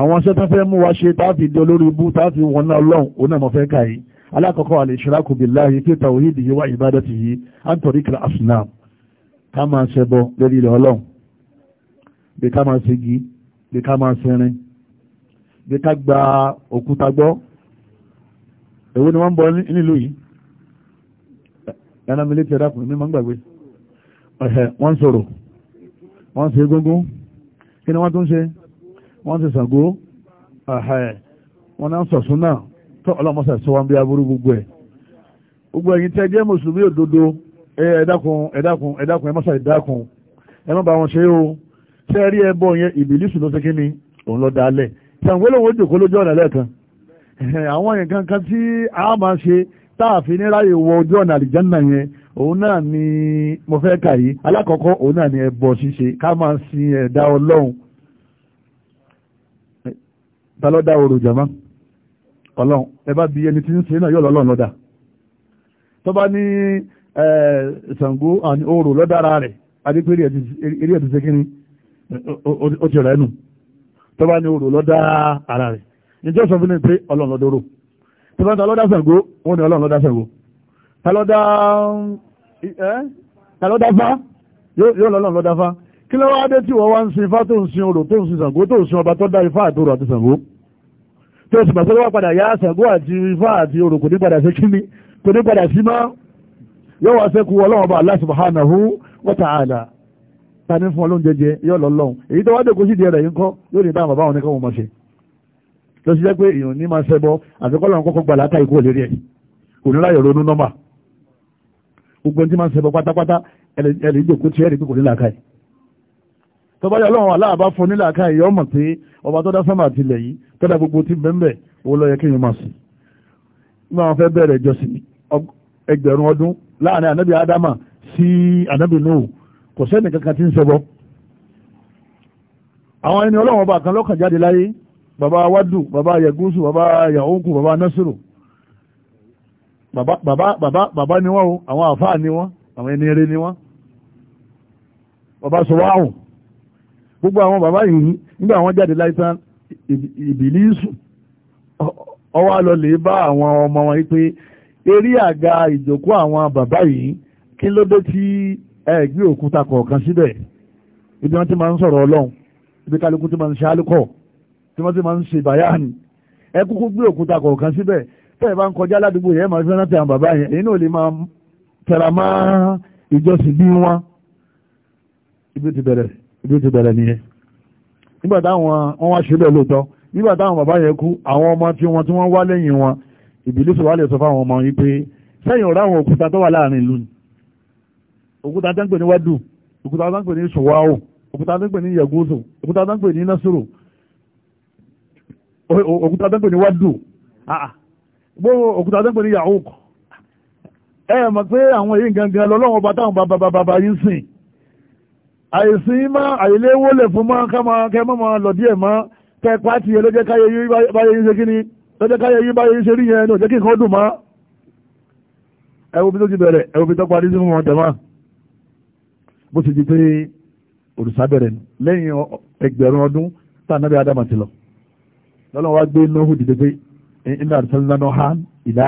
àwọn aṣẹ́ tó fẹ́ mú wa ṣe táàfi di olórí ibú táàfi wọn náà lọ́hùn òun náà mọ̀ fẹ́ káyìí alákọ̀ọ́kọ́ al-ishraku billahi fi tawhidihi wa ibadatihi an tariqil asnam ká máa ṣẹbọ lórí ilẹ̀ ọlọ́run bí ká máa ṣe gi bí ká máa ṣẹrin bí ká gba òkúta gbọ́ èwo ni wọ́n ń bọ nílùú yìí ẹ̀nà mi létí ẹ̀dá kùnrin mímọ́ gbàgbé ẹ̀hẹ̀ wọ́n ń sọ̀rọ̀ wọ́n ń ṣe egúngún kí ni wọ́n tún ṣe wọ́n ti ṣàgó ẹ̀hẹ̀ wọ́n náà sọ̀sún náà tọ́ ọlọ́mọsà sọ wọn bí aburú gbogbo ẹ̀ gbogbo ẹ̀yin tẹ́ jẹ́ mùsùlùmí òdodo ẹ dákun ẹ dákun ẹ dákun ẹ mọ́sà ẹ wọn ṣe o ṣé rí ẹbọ yẹn ìbílísù ló ṣe ni òun lọ dalẹ̀ ṣàǹgbé lòun ó jòkó lójú ọ̀nà lẹ́ẹ̀kan àwọn nǹkan kan tí a máa ṣe táàfin ní ráyè wọ ojú ọ̀nà àlìjánà yẹn òun náà ni mo fẹ́ kà yìí alákọ̀ọ́kọ́ òun náà ni ẹbọ ṣíṣe ká máa sin ẹ̀dá ọlọ́run ta ló dá orò jàmá ọlọ́run ẹbá bí ẹni tí ń ṣe náà yóò lọ́lọ́run lọ́dà tó bá ní ṣàngó àni oòrò lọ́dára rẹ̀ adépé eré ẹ̀tù ṣe kíni ó ti rẹ̀ nù tó bá ní oòrò lọ́dá ara rẹ̀ ìjọ sọ fún mi pé ọlọ́run lọ́dọ̀ rò tó bá ń ta lọ́dá ṣàngó wọ́n ní ọlọ́run lọ́dá ṣàngó ta lọ́dá fá yóò lọ́lọ́run lọ́dá fá kí ló wá dé tí wọ́n wá ń sin ifá tó ń sin oòrò tó ń sin ṣàngó tó ń sin ọba tó dá ifá àtòrò àti ṣàngó tó sì pàṣẹ wọ́n padà yá àṣàgó àti ifá àti orò kò ní padà sí kíní kò ní padà sí mọ́ yóò wá sẹ́kù ọlọ́run ọba Allah subhanahu wa ta'ala ta ní fún ọlọ́run jẹjẹ yóò lọ lọ́run èyí tó wá dé kó sì di ẹ̀rẹ̀ yìí kọ́ yóò ní dáhùn bàbá òun ní káwọn máa ṣe lọ jẹ́ pé èèyàn ní máa ṣẹbọ àfikọ́lọ́run kọ́kọ́ gbà látà ikú òlérí ẹ̀ kò ní láyọ̀ ronú nọ́mbà gbogbo ẹni tí máa ń pátápátá ẹ̀lẹ́dìjòkó tó bá yà lọ́wọ́ aláàbá fún nílà ká ìyọ́ mọ̀ pé ọba tó dá sánmà tilẹ̀ yìí tó dá gbogbo tí bẹ́ẹ̀ owó lọ́yẹ kéèyàn máa sìn nígbà wọn fẹ́ bẹ̀rẹ̀ ìjọsìn ẹgbẹ̀rún ọdún láàrin ànábì ádámà sí ànábì nóò kò sẹ́ni kankan tí ń ṣẹbọ àwọn ẹni ọlọ́wọ́n ọba kan lọ́kàn jáde láyé bàbá wádù bàbá yẹgúsù bàbá yahunku bàbá nasiru bàbá bàbá bàbá ni wọ́n o àwọn àfáà ni wọ́n àwọn ẹni eré ni wọ́n sọ wáhùn gbogbo àwọn bàbá yìí nígbà wọn jáde láìsàn ìbílísù ọwá lọ lè bá àwọn ọmọ wọn pé eré àga ìjòkó àwọn bàbá yìí kí ló dé tí ẹgbẹ́ òkúta kọ̀ọ̀kan síbẹ̀ ibi wọn ti máa ń sọ̀rọ̀ ọlọ́run ibi kálukú ti máa ń ṣe álùkọ̀ tí wọ́n ti máa ń ṣe bàyáàni ẹ kúkú gbé òkúta kọ̀ọ̀kan síbẹ̀ tẹ́ ẹ bá ń kọjá ládùúgbò yẹn máa fi rántí àwọn bàbá yẹn èyí náà lè máa tẹ̀ra mọ́ ìjọsìn bí wọn ibi ti bẹ̀rẹ̀ ibi ti bẹ̀rẹ̀ nìyẹn nígbà táwọn wọn wá ṣe bẹ́ẹ̀ lóòótọ́ nígbà táwọn bàbá yẹn kú àwọn ọmọ tí wọn tí wọ́n wá lẹ́yìn wọn ìbílísì wà lè sọ fáwọn ọmọ yìí pé sẹ́yìn ọ̀rọ̀ àwọn òkúta tó wà láàrin ìlú ni òkúta tó ń pè ní wádù òkúta tó ń pè ní sùwáwò òkúta tó ń pè ní yẹgúsù òkúta tó ń pè ní násùrù òkúta tó ń pè ní wádù òkúta tó ń pè ní yahoo ẹ mọ̀ pé àwọn èyí gangan lọ́lọ́wọ́ bá táwọn bàbá yìí sìn àìsí má àìléwó lè fún má ká máa kẹ́ mọ́ máa lọ díẹ̀ má kẹ́ pàtì yẹn lọ́jẹ́ káyé yín báyé yín ṣe kí ni lọ́jẹ́ káyé yín báyé yín ṣe rí yẹn ní òjẹ́ kí nǹkan dùn má. ẹ wo bí tó ti bẹ̀rẹ̀ ẹ wo bí tó parí sí fún wọn tẹ̀má bó ti di pé òrìṣà bẹ̀rẹ̀ lẹ́yìn ẹgbẹ̀rún ọdún tá ànábẹ́ adama ti lọ lọ́lọ́wọ́ gbé nóhù dìde pé iná àtàlánà ha ìlà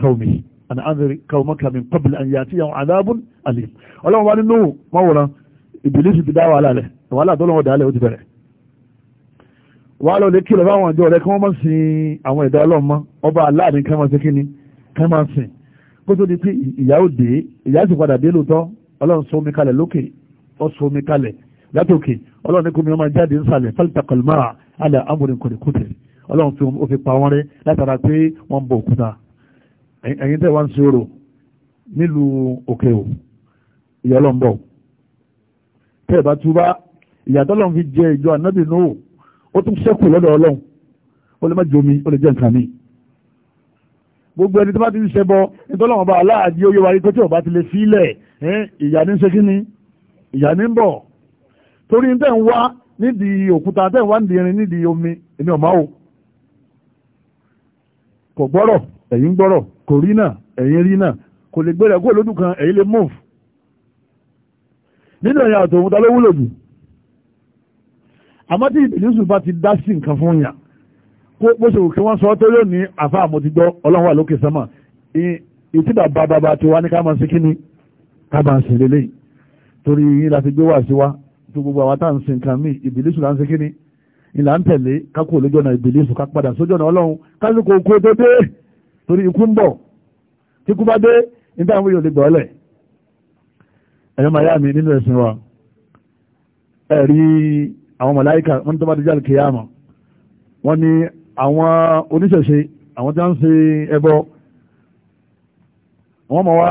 kàwùmí àná àmì kàwùmọ́kàmí pọ́bìlì àyàtí àwọn àdábùn àlè ọlọ́wọ́ wá ní nóhù mọ́wòrán ìbílísì ti dá wàhálà lẹ̀ wàhálà tó lọ́wọ́ dálẹ̀ ó ti bẹ̀rẹ̀ wàá lọ lè kìlọ̀ fáwọn ìjọ rẹ̀ kí wọ́n mọ̀ sí àwọn ẹ̀dá ọlọ́mọ ọba aláàrin kí wọ́n ṣe kí ni kí wọ́n sìn kó tó di pé ìyá ò dé ìyá sì padà dé lóòótọ́ ọlọ́run sọ omi kalẹ̀ lókè ó sọ omi kalẹ̀ látòkè ọlọ́run ní kó mi ọmọ jáde nsàlẹ̀ faltaqal mara ala amrin qad qutir ọlọ́run fi ó fi pa wọ́n rẹ́ látara pé wọ́n ń òkúta ẹ̀yin tẹ́ wá ń ṣe nílùú òkè ò ìyá ọlọ́run bọ̀ tẹ́ ẹ̀ bá túbá ìyàtọ̀ lọ́n fi jẹ ìjọ ànábì nóò ó tún ṣẹ́kù lọ́dọ̀ ọlọ́run ó lè má jẹ omi ó lè jẹ nǹkan mi. gbogbo ẹni tó bá ti ń ṣẹbọ nítorí àwọn ọba aláàjì oyè wa ikọ́ tí ọba ti lè sílẹ̀ ìyá ní ṣe kíni ìyá ní bọ̀ torí tẹ́ ń wá nídìí òkúta tẹ́ ń wá nídìí irin nídìí omi èmi ọ̀ máa wò kò gbọ́rọ̀ ẹ̀yin gbọ́rọ̀ kò rí náà ẹ̀yin rí náà kò lè gbéra kó lójú kan ẹ̀yin lè move nínú ẹ̀yà àtòun ta ló wúlò jù àmọ́ tí ìbìlísù bá ti dá sí nǹkan fún yàn kó bó ṣe kí wọ́n sọ tó yóò ní àfa àmójúgbọ́ ọlọ́run wà lókè sánmà ìtìdà bàbàbà ti wá ní ká máa ṣe kíní ká máa ṣe lélẹ̀ torí yín láti gbé wá sí wa tó gbogbo àwọn tá ń sin nǹkan míì ìbìlísù là ń ṣe kíní ìlà ń tẹ̀lé kákò lójú ọ̀nà ìbìlísù ká padà sójú ọ̀nà ọlọ́run kásìkò okó tó dé torí ikú ń bọ̀ tí ikú bá dé nígbà wọn yóò lè gbọ́ ọlẹ̀ ẹ̀yọ́ máa yá mi nínú ẹ̀sìn wa ẹ̀rí àwọn màláíkà wọ́n tó bá díjà kìyàmà wọ́n ní àwọn oníṣẹ̀ṣe àwọn tí wọ́n ń ṣe ẹbọ wọ́n mọ̀ wá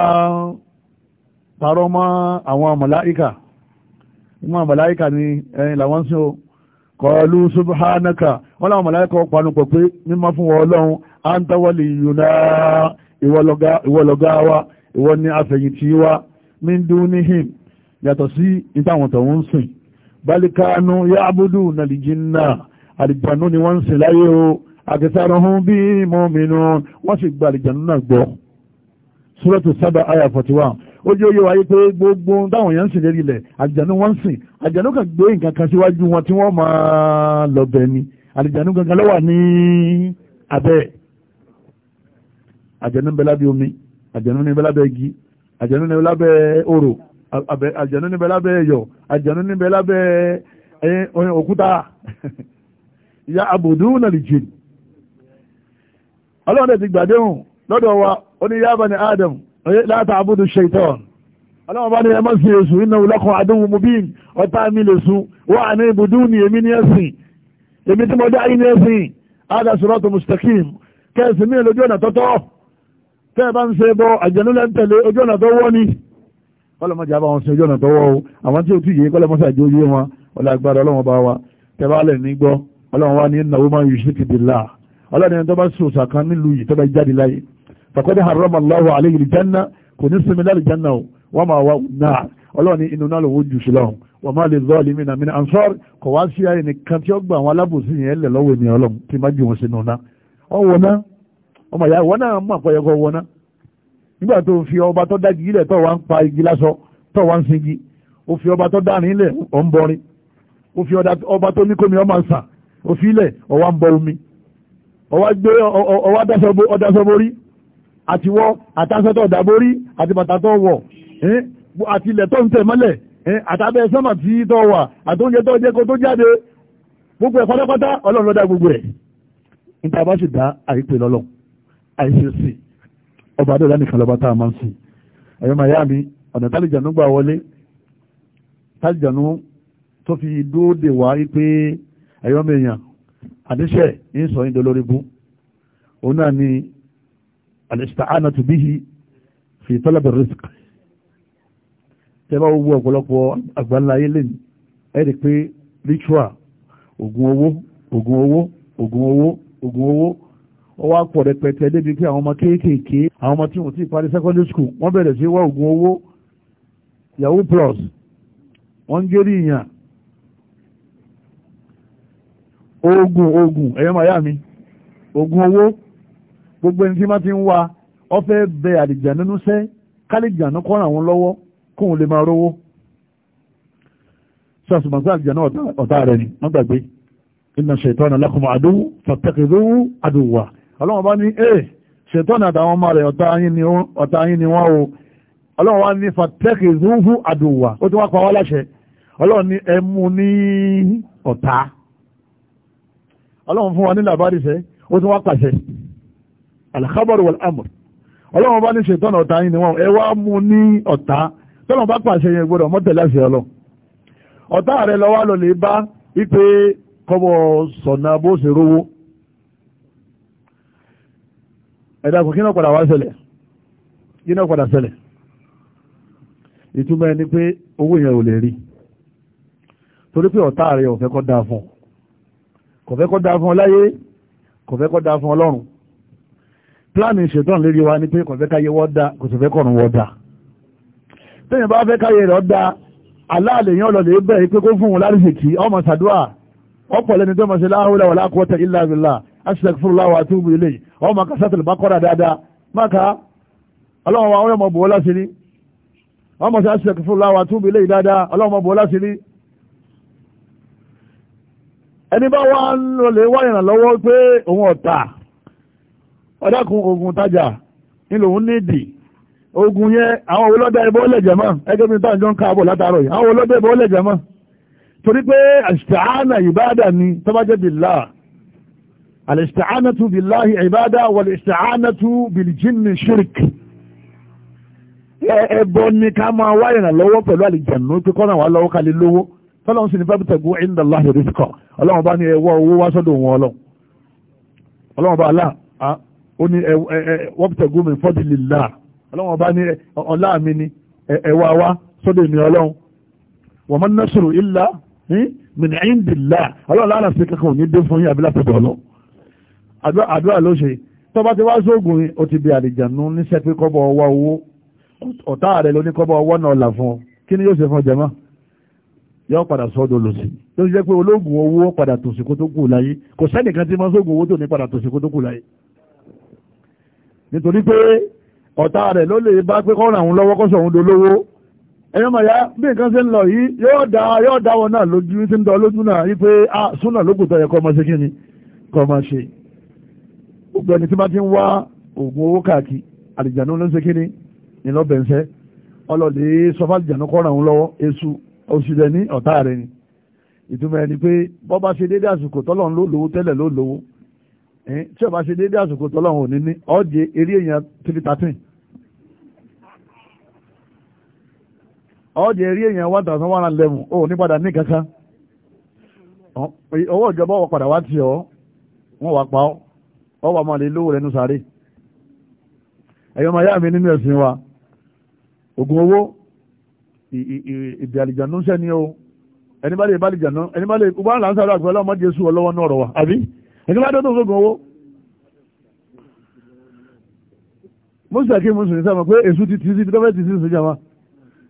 parọ́ mọ́ àwọn màláíkà ìmọ̀ màláíkà ni ẹ̀yìn làwọn ń sìn o kọlu subhanaka wọ́n láwọn màláíkà panupọ̀ pé mímọ́ fún wọn ọlọ́run à ń tawọ́ yùnà ìwọlọ́gá wa ìwọ ni àfẹ̀yìntì wa min dunihim yàtọ̀ sí ìtàwọn tọ̀wọ́n sìn balikanu na nàlìjínà àlìjànú ni wọ́n ń láyé o akitharuhum bí mu'minun wọ́n sì gba àlìjànú náà gbọ́ suratu sábà àyà 41 ó jẹ́ òye wáyé pé gbogbo táwọn yẹn ń sìn lérí ilẹ̀ àlìjànú wọ́n ń sìn àlìjànú kan gbé nǹkan kan síwájú wọn tí wọ́n máa lọ bẹ̀ ni àlìjànú gangan ló ní abẹ́ àjẹnú bẹ́lábẹ́ omi àjẹnú ní bẹ́lábẹ́ igi àjẹ̀nú ní lábẹ́ orò àjẹ̀nú níbẹ̀ lábẹ́ ẹ̀yọ̀ àjẹ̀nú níbẹ̀ lábẹ́ òkúta ìyá àbòdú náà lè jìn ọlọ́run ti gbàdéhùn lọ́dọ̀ wa ó ní yába ni adam láta àbúdú shaitan ọlọ́run bá ní ẹ má sí èṣù iná lọ́kàn àdéhùn mubin ọ̀tá mi lè sun wà ní ibùdó ni èmi ní ẹ̀sìn èmi tí mo dá yín ní ẹ̀sìn adam sọ̀rọ̀ tó mustaqim kẹ́sì mi lójú ọ̀nà tọ́tọ́ tẹ́ ẹ bá ń ṣe bọ́ àjẹnú lẹ́ ń tẹ̀lé ojú ọ̀nà tó wọ́ ni kọ́lọ́mọjà bá wọn ṣe ojú ọ̀nà tó wọ́ o àwọn tí ó ti yé kọ́lọ́mọṣà jẹ́ oyé wọn ọlá agbára ọlọ́wọ́n bá wa tẹ́ bá lẹ̀ ní gbọ́ ọlọ́wọ́n wá ní ìnáwó máa ń yù síkì bìlá ọlọ́ni tó bá sùn sàkán nílùú yìí tó bá jáde láyé fàkọ́dé haram Allahu alayhi aljanna kò ní sinmi láti janna o wọ́n máa wá náà ọlọ́ni inú náà lòun jù sí wọ́n máa lè zọ́ lèmi nàmi náà ansar kò wá sí ayé nìkan tí ó gbà àwọn alábòsí yẹn lẹ̀ lọ́wọ́ ènìyàn ọlọ́run tí má jù wọn sínú náà ọ̀wọ̀ náà ọmọ ìyá ìwọ náà mọ̀ pẹ́yẹkọ wọná nígbà tó fi ọba tó dájú ilẹ̀ tó wà ń pa igi lásọ tó wà ń singi ó fi ọba tó dárin ilẹ̀ ọ̀ ń bọrin ó fi ọba tó ní kómi ọmọ sàn ó fi ilẹ̀ ọwá ń bọ omi ọwá gbé ọwá dasọ́borí àti wọ́ àtàsọ́tọ̀ ọ̀dàborí àti bàtà tó wọ̀ àti ilẹ̀ tó ń tẹ̀ mọ́lẹ̀ àtàbẹ̀ sọ́mà tí tó wà àtóúnjẹ tó jẹ́ kó tó jáde gbogbo ẹ̀ pátápátá ọlọ́run ló dá gbogbo ẹ̀ níta bá sì dá àrípè lọ́lọ́run àìṣesí ọba adọ́dá nìkan lọ́ba tá a máa ń sìn ẹ̀yọ́ máa yá mi ọ̀nà tálíjànú gbà wọlé tálíjànú tó fi dúró dè wá pé ẹ̀yọ́ mẹ́yàn àdíṣẹ́ ń sọ yín dolórí bú òun náà ni al-ista'anatu bihi fi talab ar-rizq tẹ́bá owó ọ̀pọ̀lọpọ̀ àgbáńláyé lè ní ẹ̀rì pé ritual ògùn owó ògùn owó ògùn owó ògùn owó ó wá pọ̀ rẹpẹtẹ débi pé àwọn ọmọ kéékèèké àwọn ọmọ tí wọ́n ti parí secondary school wọ́n bẹ̀rẹ̀ sí wá oògùn owó yahoo plus wọ́n ń gérí ìyàn oògùn oògùn ẹ̀yọ́ màyá mi oògùn owó gbogbo ẹni tí má ti ń wa ọ fẹ́ bẹ àlìjà nínú sẹ́ kálíjànú kọ́ràn àwọn lọ́wọ́ kóun lè máa rówó sọ́sùmọ̀ sí àlìjà náà ọ̀tá rẹ̀ ni wọ́n gbàgbé inna shaytana lakum aduwwun fattakhidhuhu aduwwa ọlọ́run bá ní ee ṣètọ́nà àtàwọn ọmọ rẹ̀ ọ̀tá yín ni wọ́n o ọlọ́run wá ní fatẹ́kì zuhu àdùwà ó ti wá pa wá láṣẹ ọlọ́run ní ẹ mú ní ọ̀tá ọlọ́run fún wa ní làbáríṣẹ́ ó ti wá pàṣẹ alhabaru wal amr ọlọ́run bá ní ṣètọ́nà ọ̀tá yín ni wọ́n ẹ wá mú ní ọ̀tá tọ́lọ́run bá pàṣẹ yẹn gbọ́dọ̀ mọ́tẹ̀ láṣẹ ọlọ́run ọ̀tá rẹ̀ lọ́wọ́ lọ ẹ̀dá kò kí náà padà wá ṣẹlẹ̀ kí náà padà ṣẹlẹ̀ ìtumọ̀ ẹni pé owó yẹn ò lè rí torí pé ọ̀tá rẹ̀ ọ̀fẹ́ kọ́ dáa fún ọ kò fẹ́ kọ́ dáa fún ọ láyé kò fẹ́ kọ́ dáa fún ọlọ́run pláàni ìṣètọ́n lérí wa ni pé kò fẹ́ káyé wọ́n dáa kò sì fẹ́ kọ̀run wọ́n dáa tẹ́yìn bá fẹ́ káyé rẹ̀ dáa aláàlẹ̀ yẹn ọlọ́lẹ̀ bẹ́ẹ̀ pé kó fún un lárísìkì ọmọ sàdúà ọ̀pọ̀ lẹ́ni tó mọ̀ sí láhùlà wàlá quwwata illa billah astaghfirullah wa atubu ilayhi ọmọ kasatul baqara dáadáa má ka ọlọ́run wa ọlọ́mọ bò wọ́lá sí ni ọmọ sí astaghfirullah wa atubu ilayhi dáadáa ọlọ́mọ bò wọ́lá sí ni ẹni bá wá ń lọ lè wá ìrànlọ́wọ́ pé òun ọ̀tà ọ̀dàkùn ogun tajà nílò òun nídìí ogun yẹn àwọn olóde ẹbọ lẹ̀jẹ̀ mọ́ ẹgbẹ́ mi táwọn jọ ń káàbọ̀ látàárọ̀ yìí àwọn olóde ẹbọ lẹ̀jẹ̀ mọ́ torí pé àṣìṣàánà ìbáàdà ni tọ́bájẹ́ al-isti'anatu billahi ibada wal-isti'anatu bil-jinni shirk ẹbọ ni ká máa wá ìrànlọ́wọ́ pẹ̀lú àlìjẹ̀nù pé kọ́nà wà lọ́wọ́ kalẹ̀ lówó tọ́lọ́run sì ní fẹ́ bìtẹ̀gù inda Allahi rizqa ọlọ́run bá ní ẹwọ́ owó wá sọ́dọ̀ wọn ọlọ́run ọlọ́run bá aláà ó ní wọ́n bìtẹ̀gù min fadlillah ọlọ́run bá ní ọlá mi ní ẹwà wá sọ́dọ̀ èmi ọlọ́run wa man nasru illa hmm, min indillah ọlọ́run láàrín sí kankan ò ní dé fún yín àbílà pẹ̀lú ọlọ́run àdúrà ló ṣe tó bá ti wá sóògùn o ti bí àlìjànú níṣẹ́ pé kọ́bọ̀ ọwọ́ owó ọ̀tá rẹ̀ ló ní kọ́bọ̀ ọwọ́ náà là fún ọ kí ni yóò ṣe fún ọjàmá yóò padà sọ́dọ̀ lòsì ló ṣe pé olóògùn owó padà tòsí kó tó kù láyé kò sẹ́nìkan tí máa sóògùn owó tó ní padà tòsí kó tó kù láyé nítorí pé ọ̀tá rẹ̀ ló lè bá pé kọ́ra òun lọ́wọ́ kọ́sọ̀ òun dolówó ẹ̀yọ́ màá yá bí nǹkan ṣe ah súnà lókùtọ̀ yẹ kọ́ ọmọ ni kọ́ ọmọ ṣe gbogbo ẹni tí bá ti ń wá oògùn owó káàkiri àlìjànú ló ń ṣe kíni ìlọ́bẹ̀nsẹ́ ọlọ́dẹ sọfà àlìjànú kọ́ra òun lọ́wọ́ èṣù oṣù rẹ̀ ní ọ̀tá rẹ̀ ni ìtumọ̀ ẹni pé bọ́ bá ṣe déédé àsìkò tọ́lọ́run ló lówó tẹ́lẹ̀ ló lówó tí ọba ṣe déédé àsìkò tọ́lọ́run ò ní ní ọ̀jẹ̀ eré èèyàn three thirteen ọ̀jẹ̀ eré èèyàn one thousand one hundred eleven ò ní padà ní kankan owó ìjọba wọ padà wá tiẹ̀ ọ́ ọwọ́ àmọ́ lè lówó rẹ̀ nù sáré ẹ̀yọ́ máa yá mi nínú ẹ̀sìn wa ògùn owó ìdí àlìjànú sẹ́ni o ẹni bá lè bá àlìjànú ẹni bá lè gbogbo àwọn làǹsà rẹ̀ àgbẹ̀lẹ́ ọmọdé sùn ọlọ́wọ́ náà rọ̀ wá àbí ẹni bá dọ́dọ̀ ògùn owó. mọ́sùlá kí mọ́sùlá sábà pé èso ti ti sí dọ́fẹ́ ti sí ìsọjà wa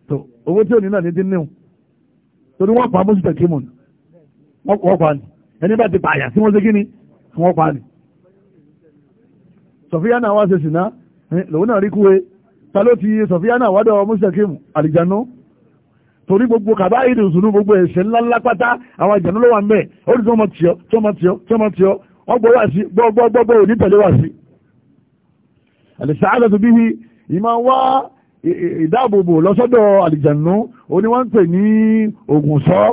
tó owó tí ò ní náà ní dín níwò torí wọ́n pa mọ́sùlá kí mọ̀ wọ́n pa ni ẹni bá ti pààyà tí wọ́n ṣe kí ni wọ́n pa ni sọ̀fíà náà wá ṣe sìná lòun náà rí kúwe ta ló ti sọ̀fíà náà wádọ̀ mustaqim àlìjánu torí gbogbo kàbá ìdè òṣùnú gbogbo ẹ̀ṣẹ̀ ńláńlá pátá àwọn àjànú ló wà ń bẹ̀ ó ní tó mọ̀ tiọ́ tó mọ̀ tiọ́ tó mọ̀ tiọ́ wọ́n gbọ́ wá sí gbọ́gbọ́gbọ́ òní tẹ̀lé wá sí. àlìsàádà tó bí i ìmọ̀ wá ìdáàbòbò lọ́sọ́dọ̀ àlìjànú òní wọ́n ń pè ní ògùn sọ́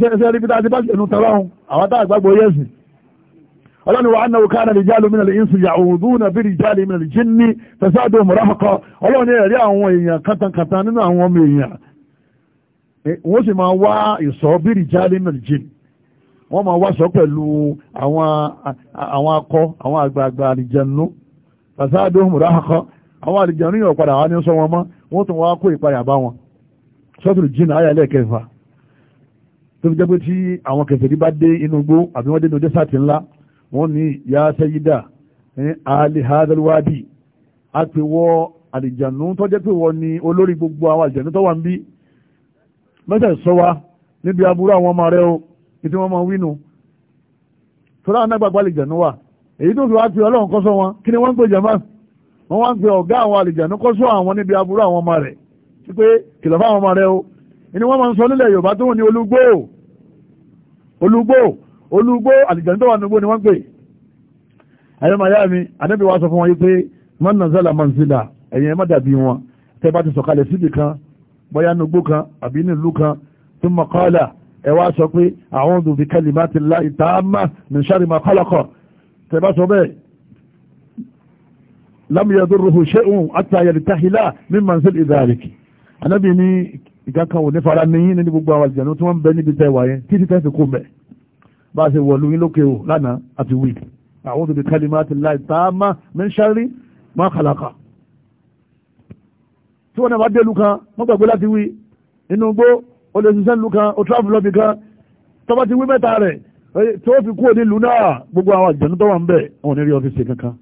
sẹ́ẹ̀rí pítà àti bá ṣẹ̀nu tẹ́lọ́run àwọn tá àgbàgbọ́ yẹ̀sìn ọlọ́ni wa anna kana rijalu minal insi ya'uduna bi rijali minal jinni fazaduhum rahaqa ọlọ́ni ẹ̀rí àwọn èèyàn kàtàkàtà nínú àwọn ọmọ èèyàn wọ́n sì máa wá ìsọ̀ bi rijali minal jinni wọ́n máa wá sọ pẹ̀lú àwọn akọ àwọn àgbààgbà àlìjẹ̀nú fazaduhum rahaqa àwọn àlìjẹ̀nú yóò padà wá ní sọ wọn mọ́ wọ́n tún wá kó ìpayà bá wọn sọ́tùlù jìn àyà ẹlẹ́ẹ̀kẹfà tó fi jẹ́ pé tí àwọn kẹfẹ̀rí bá dé inú igbó àbí wọ́n dé inú dẹ́sàtì ńlá wọ́n ní ya sayida ali hadal wadi a pè wọ́ àlìjànú tó jẹ́ pé wọ́n ní olórí gbogbo àwọn àlìjànú tó wà ń bí mẹ́sẹ̀ sọ wa níbi aburú àwọn ọmọ rẹ o ní tí wọ́n máa wínú tọ́lá anágbàgbà àlìjànú wà èyí tó fi wá pé ọlọ́run kọ́sọ́ wọn kí ni wọ́n ń pè jàmá wọ́n wá ń pè ọ̀gá àwọn àlìjànú kọ́sọ́ àwọn níbi aburú àwọn ọmọ rẹ̀ sí pé kìlọ̀ fáwọn ọmọ rẹ o ni wọ́n máa ń sọ nílẹ̀ Yorùbá tó wọ́n ní olúgbò olúgbò olúgbó àlìjẹ̀nú tó wà nígbó ni wọ́n pè ẹ̀yọ́ màyá mi anábì wa sọ fún wọn yìí pé man nazala manzila ẹ̀yìn ẹ̀mọ́ dàbí wọn tẹ́ bá ti sọ̀kalẹ̀ síbì kan bóyá nígbó kan àbí nílùú kan thumma qala ẹ wá sọ pé a'udhu bi kalimati llahi tammati min sharri ma khalaqa tẹ́ bá sọ bẹ́ẹ̀ lam yadurruhu shay'un hatta yartahila min manzili dhaliki anábì ní ìkankan ò ní fara níyìn ní gbogbo àwọn àlìjẹ̀nú bá a ṣe wọ̀lú yín lókè o lánàá àti wí a'udhu bi kalimati llahi tamma min sharri ma khalaqa tí wọ́n náà bá délù kan wọ́n gbàgbé láti wí inú gbó o lè ṣiṣẹ́ lù kan o travel lọ́bì kan tó bá ti wí mẹ́ta rẹ̀ tó fi kúrò nílùú náà gbogbo àwọn àjẹ̀nú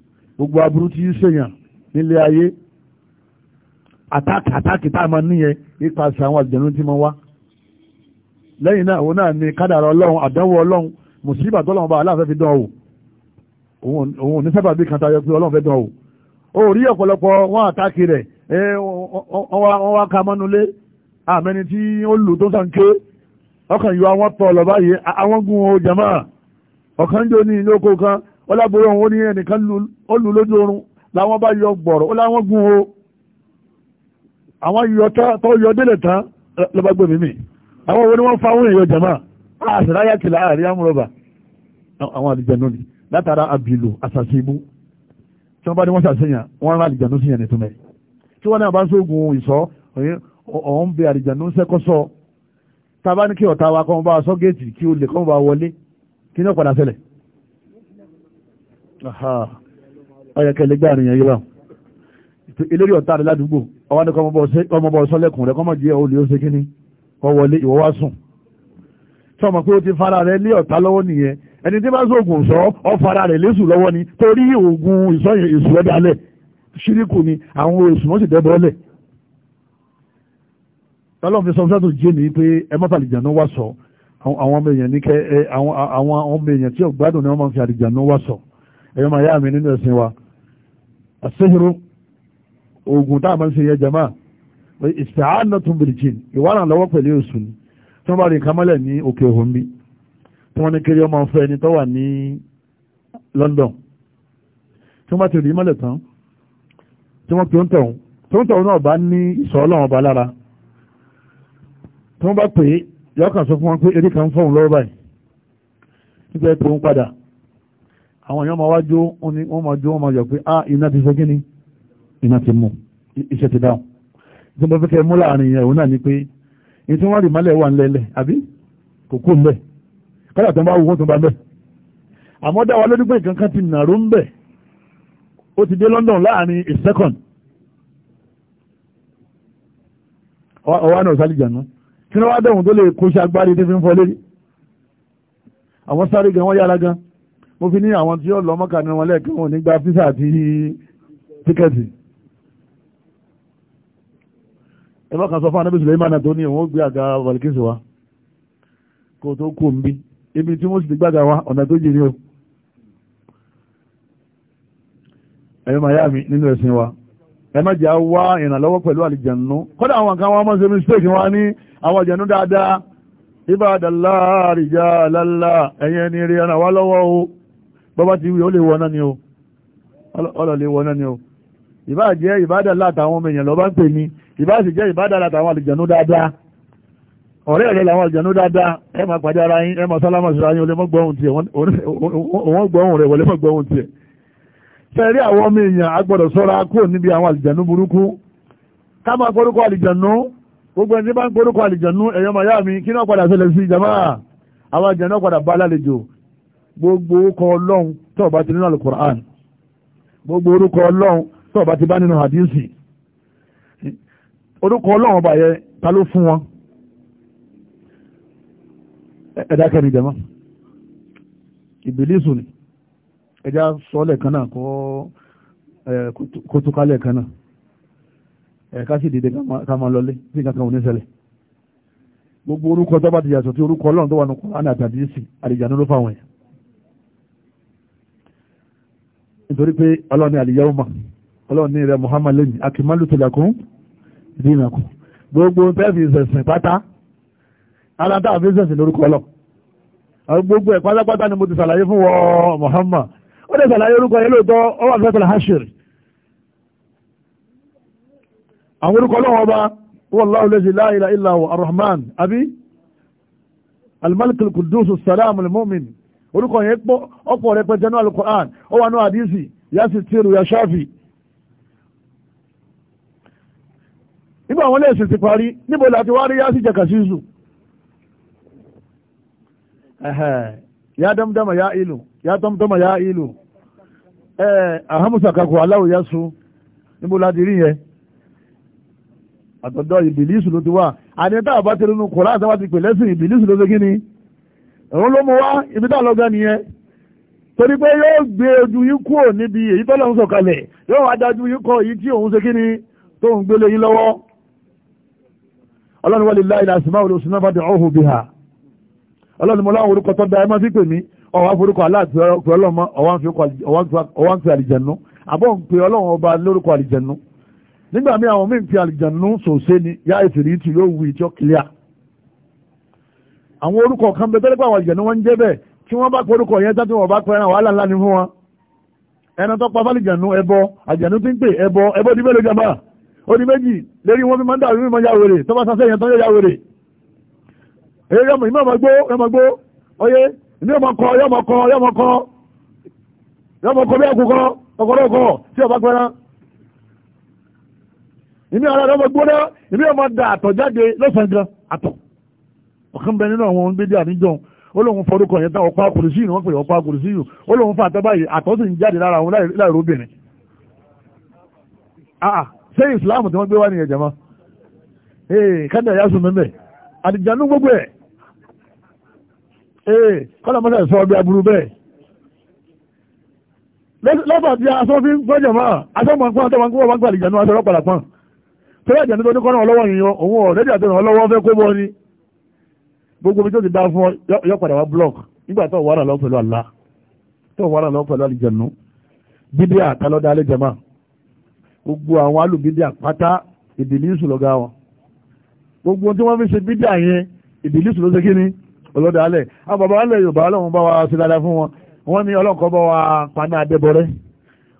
nílé ayé àtàkì àtàkì tá a máa níyẹn nípasẹ̀ àwọn àjẹ̀nú tí máa wá lẹ́yìn náà òun náà ni kádàrá ọlọ́run àdánwò ọlọ́run mùsùlùmí àtọ́lọ́wọ́n bá aláàfẹ́ fi dán o òun ní sábà bí kan tayọ pé ọlọ́run fẹ́ dán o ó rí ọ̀pọ̀lọpọ̀ wọn àtàkì rẹ̀ wọ́n wá ka mọ́nulé àmẹ́ni tí ó lù tó sàn ké ọkàn yọ àwọn tọ̀ lọ báyìí àwọn gun o jama ọ̀kan jò ní ilé oko kan ọlábòrò òun ó ní ẹnìkan ó lù lójú oorun làwọn bá yọ gbọ̀rọ̀ ó láwọn gun o àwọn yọ tó yọ délẹ̀ tán lọ́ba gbẹ̀mí mi àwọn wo ni wọ́n fa àwọn èèyàn jama àṣìráyà ti láàrin amúrọ̀bà àwọn àdìjẹ̀nú ni látara àbìlù àṣàṣì ibú tí wọ́n bá ní wọ́n ṣàṣeyàn wọ́n rán àdìjẹ̀nú sí yẹn ní túnmẹ̀ tí wọ́n náà bá sóògùn ìsọ́ ọ̀hún bẹ àdìjẹ̀nú sẹ́kọ́sọ́ tá a bá ní kí ọ̀tá wa kọ́ bá sọ géètì kí o lè kọ́ bá wọlé kí ní ọ̀padà ṣẹlẹ̀ ọ̀yẹ̀kẹ̀lẹ̀ gbá àrìyàn yíwá ìlérí ọ̀tá rẹ̀ ládùúgbò ọwọ́ ní kọ́ mọ́ rẹ̀ kọ́ sọmọ pé ó ti fara rẹ lé ọ̀tá lọ́wọ́ nìyẹn ẹni tí bá sóògùn sọ ọ fara rẹ lésù lọ́wọ́ ni torí oògùn ìsọyìn èṣù ẹ̀ dalẹ̀ ṣíríkù ni àwọn èṣù wọn sì dẹ́bọ̀ọ́lẹ̀ tọ́lọ́mù fi sọ fún sátò jíẹ̀ ní pé ẹ má fàlìjànú wá sọ àwọn ọmọ èèyàn ní àwọn ọmọ èèyàn tí ọgbádùn ni wọ́n máa fi àlìjànú wá sọ ẹ̀yọ́ máa yá mi nínú ẹ̀sìn wa àṣehìrò oògùn tá a máa ń ṣe yẹ jama ìṣàánà tún bìrìjìn ìwà ràn lọ́wọ́ pẹ̀lú èṣù ni tí wọ́n bá rí nǹkan mọ́lẹ̀ ní òkè òhun bí tí wọ́n ní kiri ọmọ ọ̀fẹ́ ẹni tó wà ní London tí wọ́n bá ti rí mọ́lẹ̀ tán tí wọ́n pè ń tọ̀hún tó ń tọ̀hún náà bá ní ìsọ̀ ọlọ́run ọba lára tí wọ́n bá pè é yọkàn sọ fún wọn pé eré kan fọ́hún lọ́wọ́ báyìí nígbà tó ń padà àwọn èèyàn máa wájú wọn máa jó wọn máa yọ pé ah iná ti ṣe kí ni iná ti mú iṣẹ́ ti dáhùn ìjọba fẹ́ mú láàrin ìyàwó náà ni pé ní tí wọ́n rì mọ́lẹ̀ wà ńlẹ̀lẹ̀ àbí kò kó mbẹ̀ kọ́lá tó ń bá wù wọ́n tó bá mbẹ̀ àmọ́ dá wa kankan ti nàró mbẹ̀ ó ti dé London láàrin a second ọwọ́ náà sálìjànú kí wọ́n wá dẹ̀hùn tó lè kó ṣe agbárí tí fi ń fọ lérí àwọn sáré gan wọ́n yára gan mo fi ní àwọn tí ó lọ mọ́kànlá wọn lẹ́ẹ̀kan wọn nígbà físà àti tíkẹ́ẹ̀tì ẹ bá kan sọ fún anábì Suleiman tó ní òun ó gbé àga balikisi wa kó tó kú òǹbí ibi tí wọ́n sì ti gbàgà wa ọ̀nà tó jìnnì o ẹ̀yọ́ miami nínú ẹ̀sìn wa ẹ má jẹ́ wá ìrànlọ́wọ́ pẹ̀lú àlìjànú kọ́dà àwọn nǹkan wọn máa ń mistake wọn ní àwọn àjànú dáadáa ìbádàlá àrìjà lálá ẹ̀yẹ ni rí ara wa lọ́wọ́ o bọ́bá ti wí ó lè wọ náà ni o ọlọ́ lè wọ náà ni o ìbá jẹ́ ìbádà látàwọn ọmọ èèyàn lọ bá ń pè ní ìbá sì jẹ́ ìbádà látàwọn àlìjànú dáadáa ọ̀rẹ́ ẹ̀rẹ́ làwọn àlìjànú dáadáa ẹ máa pàdé ara yín ẹ máa sálámà síra yín olè mọ́gbọ́hùn tiẹ̀ wọ́n gbọ́hùn rẹ̀ wọlé mọ́gbọ́hùn tiẹ̀ sẹ́rí àwọn ọmọ èèyàn a gbọ́dọ̀ sọ́ra kúrò níbi àwọn àlìjànú burúkú ká máa korúkọ àlìjànú gbogbo ẹni bá ń korúkọ àlìjànú ẹ̀yọ́ mi kí náà padà ṣẹlẹ̀ sí ìjàmá àwọn àlìjànú padà bá lálejò gbogbo orúkọ ọlọ́run tó bá ti nínú àlùkùránì gbogbo orúkọ ọlọ́run tó ọba ti bá nínú hadisi orúkọ ọlọ́run ọba yẹ ta ló fún wọn ẹ̀dá kẹrin jẹ́mọ́ ìbílísù ni ẹjá sọ́ọ̀lẹ̀ kan náà kó túkálẹ̀ kan náà ẹ̀ka sì dìde ká máa lọlé sí kankan ò ní ṣẹlẹ̀ gbogbo orúkọ tó bá ti yàtọ̀ tí orúkọ ọlọ́run tó wà nù kọ́ńtà àtàdé sí àdìjànú ló fáwọn yẹn nítorí pé ọlọ́run ni àlìyáwó máa ọlọ́run ní rẹ̀ Muhammad lẹ́yìn akimalu tilakun dínàkù gbogbo tẹ́ẹ̀fì ìsẹ̀sìn pátá aláta àfi ìsẹ̀sìn lórúkọ ọlọ́ gbogbo ẹ̀ pátápátá ni mo ti ṣàlàyé fún wọ́ọ́ Muhammad ó lè ṣàlàyé orúkọ yẹn lóòótọ́ ó wà fẹ́tọ̀lá hashir àwọn orúkọ ọlọ́run ọba wallahu lazi la ilaha illa huwa arrahman àbí almalikul kudus salam almumin orúkọ yẹn pọ̀ ọ̀pọ̀ rẹpẹtẹ náà alukur'an ó wà náà àdìsí yasi tiru ya shafi nígbà àwọn lẹ́sìn ti parí níbo láti wá rí yá sí jẹ̀kà sí zù yá dámdámà yá ìlú yá dámdámà yá ìlú àhámùsàkàkù aláwò yá sún níbo láti rí yẹn àtọ̀dọ̀ ìbìlísù ló ti wà àti tá àbá tẹ̀lé nu kọ̀ọ̀lá àtàwọn ti pè lẹ́sìn ìbìlísù ló ti kí ni òun ló mú wá ibi tá lọ́gá nìyẹn torí pé yóò gbé ojú yín kúrò níbi èyí tọ́lọ́ ń sọ̀kalẹ̀ yóò wá dájú yín kọ èyí tí òun ṣe kí ni tóun gbélé yín lọ́wọ́ ọlọ́run wọlé láì láti máa wọlé òsínà fàdé ọ̀hún bí ha ọlọ́run mo láwọn orúkọ tó da ẹ máa fi pè mí ọwọ́ àforúkọ aláàtì ọlọ́mọ ọwọ́ ń fi àlìjẹ̀nu àbọ̀ ń pe ọlọ́run ọba lórúkọ àlìjẹ̀nu nígbà míì àwọn míì ń fi àlìjẹ̀nu sòṣe ni yá ìfìrí ìtù yóò wu ìjọ kìlíà àwọn orúkọ kan bẹ tẹ́lẹ̀ pé àlìjẹ̀nu wọn ń jẹ́ bẹ́ẹ̀ tí wọ́n bá porúkọ yẹn tán tí wọ́n bá pẹ́ran wàhálà ńlá ni fún wọn ẹran tó pa fálìjẹ̀nu ẹbọ àlìjẹ̀nu ti ń pè ẹbọ ẹbọ ti mélòó jàmbá ó di méjì lérí wọn fi máa ń dàrú mímọ ya wèrè tó bá sasẹ́ yẹn tó yẹ ya wèrè èyí yọmọ ìmọ̀ ọmọgbó ọmọgbó ọyẹ ìní ọmọkọ yọmọkọ yọmọkọ yọmọkọ bí àkùkọ ọkọlọkọ tí ọba gbẹran ìní ara rẹ ọmọgbó náà ìní ọmọ da àtọ̀ jáde lọ́sàn-án gan àtọ̀ ọ̀kan bẹ nínú àwọn gbédé àníjọ́ ó lóun fọdúkọ yẹn tán ọ̀pá kùrùsí ìrìn wọ́n pè ọ̀pá kùrùsí ìrìn ó lóun fà àtọ́ báyìí àtọ̀ sì ń jáde lára àwọn láìróbìnrin ṣé ìsìláàmù tí wọ́n gbé wá nìyẹn jẹ̀mọ́ ee kádà yásùn mẹ́mẹ́ àdìjànú gbogbo ẹ̀ ee kọ́lá mọ́tà sọ ọbẹ̀ aburú bẹ́ẹ̀ lọ́pàá tí aṣọ fi ń gbọ́ jẹ̀mọ́ aṣọ mọ̀ nǹkan tó máa ń gbọ́ wọn gbà àdìjànú aṣọ rọ́pàlà pọ́n tẹ́lẹ̀ àjẹ́ nítorí kọ́nà ọlọ́wọ́ yìnyín òun ọ̀rẹ́dì àtẹ̀rẹ̀ ọlọ́wọ́ fẹ́ kó bọ́ ni gbogbo omi tó ti dá fún ọ yọ padà wá blọọkì nígbà tó wàrà lọ pẹ̀lú àlá tó wàrà lọ pẹ̀lú àlìjẹ̀nu bídíà àtàlọ́dá alẹ́jẹ̀má gbogbo àwọn alùbídí àpáta ìbìlísù lọ́gá wọn gbogbo tí wọ́n fi ṣe bídà yẹn ìbìlísù ló ṣe kí ni ọlọ́dà alẹ̀ àwọn yorùbá ọlọ́run bá wa ṣe dáadáa fún wọn wọ́n ní ọlọ́nkọ́ bá wa paná adẹ́bọrẹ́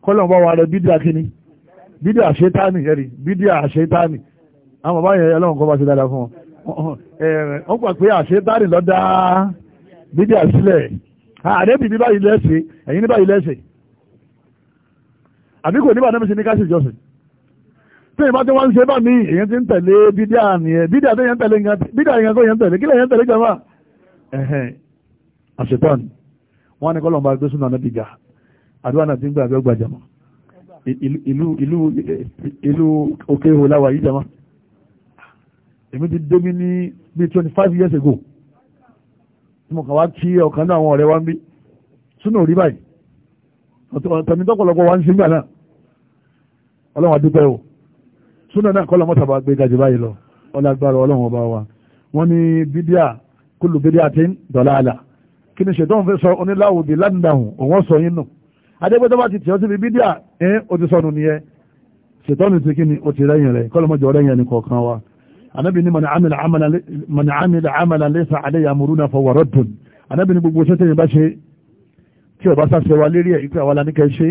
kọ́lọ́n bá wa rẹ bídà kí ni bídà àṣetáni ẹ̀rì bídà àṣetáni àwọn bàbá yẹn ọlọ́nkọ́ bá ṣe dáadáa fún wọn wọ́n gbà pé àṣetáni lọ́dá bídà sílẹ̀ àdébì báyìí lẹ́sẹ̀ ẹ̀yìn báyìí lẹ́sẹ̀ àbí kò níbà nẹ́mí sí ní ká sì jọ́sìn tí ìbá tí wọ́n ń ṣe bá mi èyàn ti ń tẹ̀lé bídíà nìyẹn bídíà tó yẹn tẹ̀lé bídíà yẹn kó yẹn tẹ̀lé kílẹ̀ yẹn tẹ̀lé jọba ẹ̀hẹ́n àṣetán wọn ni kọ́lọ̀ ń bá gbé súnà náà dìgà àdúrà náà ti ń gbé àbẹ́ ọgbà jama ìlú ìlú ìlú òkè ihò láwà yìí jama èmi ti dé mi ní bíi twenty five years ago tí mo kàn wá kí ọ̀kan náà àwọn ọ̀rẹ́ wa ń bí súnà òrí báyìí tẹ̀mí tọ́pọ̀lọpọ̀ wa ń ṣe gbà náà ọlọ́run adúpẹ́ o súnà náà kọ́ lọ́mọ́ta bá gbé gajù báyìí lọ ọlágbára ọlọ́run ọba wa wọ́n ní bídíà kúlù bídíà tí ń dọ̀lá àlà kí ni ṣètò òun fẹ́ sọ oníláwò bí ládùndàhùn òun sọ yín nù adégbétọ́ bá ti tì ọ́ síbi bídíà ẹ́ ó ti sọnù nìyẹn ṣètò ní ti kí ni ó ti rẹ́yìn rẹ̀ kọ́ lọ́mọ́jọ rẹ́yìn ẹni kọ̀ọ̀kan wa anábì ní mọ̀nà àmìlà àmàlà lẹ́sà àdéyà múrúnà fọwọ́ rọ́dùn anábì ní gbogbo ṣẹ́tẹ̀ yìí bá ṣe tí ọba sáṣẹ wa lérí ẹ̀ ìpè àwọn aláníkẹ́ ṣe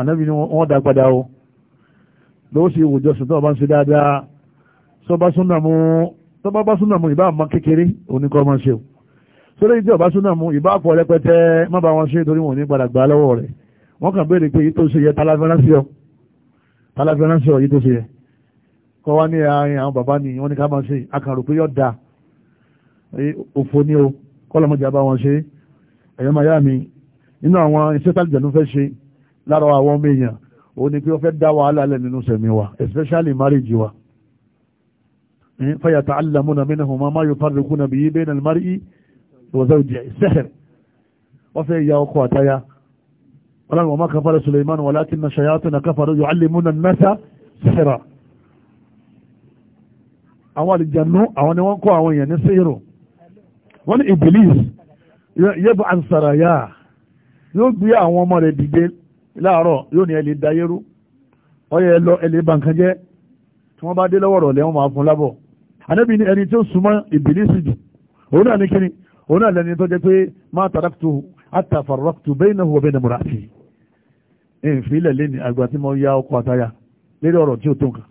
anábì ní wọ́n dá padà o ló ṣe ìwòjọsìn tó bá ń ṣe dáadáa tó bá súnà mú ìbá àmọ́ kékeré oníkọ́ máa ṣe o sórí ìdí ọ̀bá súnà mú ìbá àpọ̀ rẹpẹtẹ má bá wọn ṣe torí wọn ní padà gbà lọ́wọ́ rẹ̀ wọ́n kàn béèrè pé yìí tó ṣe yẹ tálàfẹ́ránṣẹ́ yìí tó ṣe yẹ kọ́ wá ní àárín àwọn bàbá ni wọ́n ní ká máa ṣe akàrò pé yọ́ da òfò ní o kọ́lọ́mọjà bá wọn ṣe ẹ̀yọ́ máa yá mi nínú àwọn iṣẹ́ tálìjẹ̀nu fẹ́ ṣe lára àwọn ọmọ ó ní pé ó fẹ́ dá wàhálà lẹ̀ nínú sẹ̀mí wa especially marriage wa fayata alamuna minahuma ma yufarriquna bihi bayna al-mar'i wa zawjihi sẹ́hẹ̀r wọ́n fẹ́ ya ọkọ àtayá ọlọ́run wa ma kafara Sulaiman walakinna shayatina kafaru yu'allimuna an-nasa sihra àwọn àlìjànú àwọn ni wọ́n kọ́ àwọn èèyàn ní síhìrò wọ́n ní Iblis yẹ́bù ansaraya yóò gbé àwọn ọmọ rẹ̀ dìde láàárọ̀ yóò ní ẹlẹ́ dayérú ọyẹ ẹlọ ẹlẹ́ bankan jẹ́ tí wọ́n bá dé lọ́wọ́ rọ̀lẹ́ wọn máa fún lábọ̀ anábì ní ẹni tí ó súnmọ́ ìbílísì jù òun náà ní kíni òun náà lẹni tó jẹ́ pé má taraktu hatta farraqtu baynahu wa bayna murati ìfilẹ̀ lẹ́ni àgbà tí mo ya ọkọ̀ àtayà lérí ọ̀rọ̀ tí ó tó nǹkan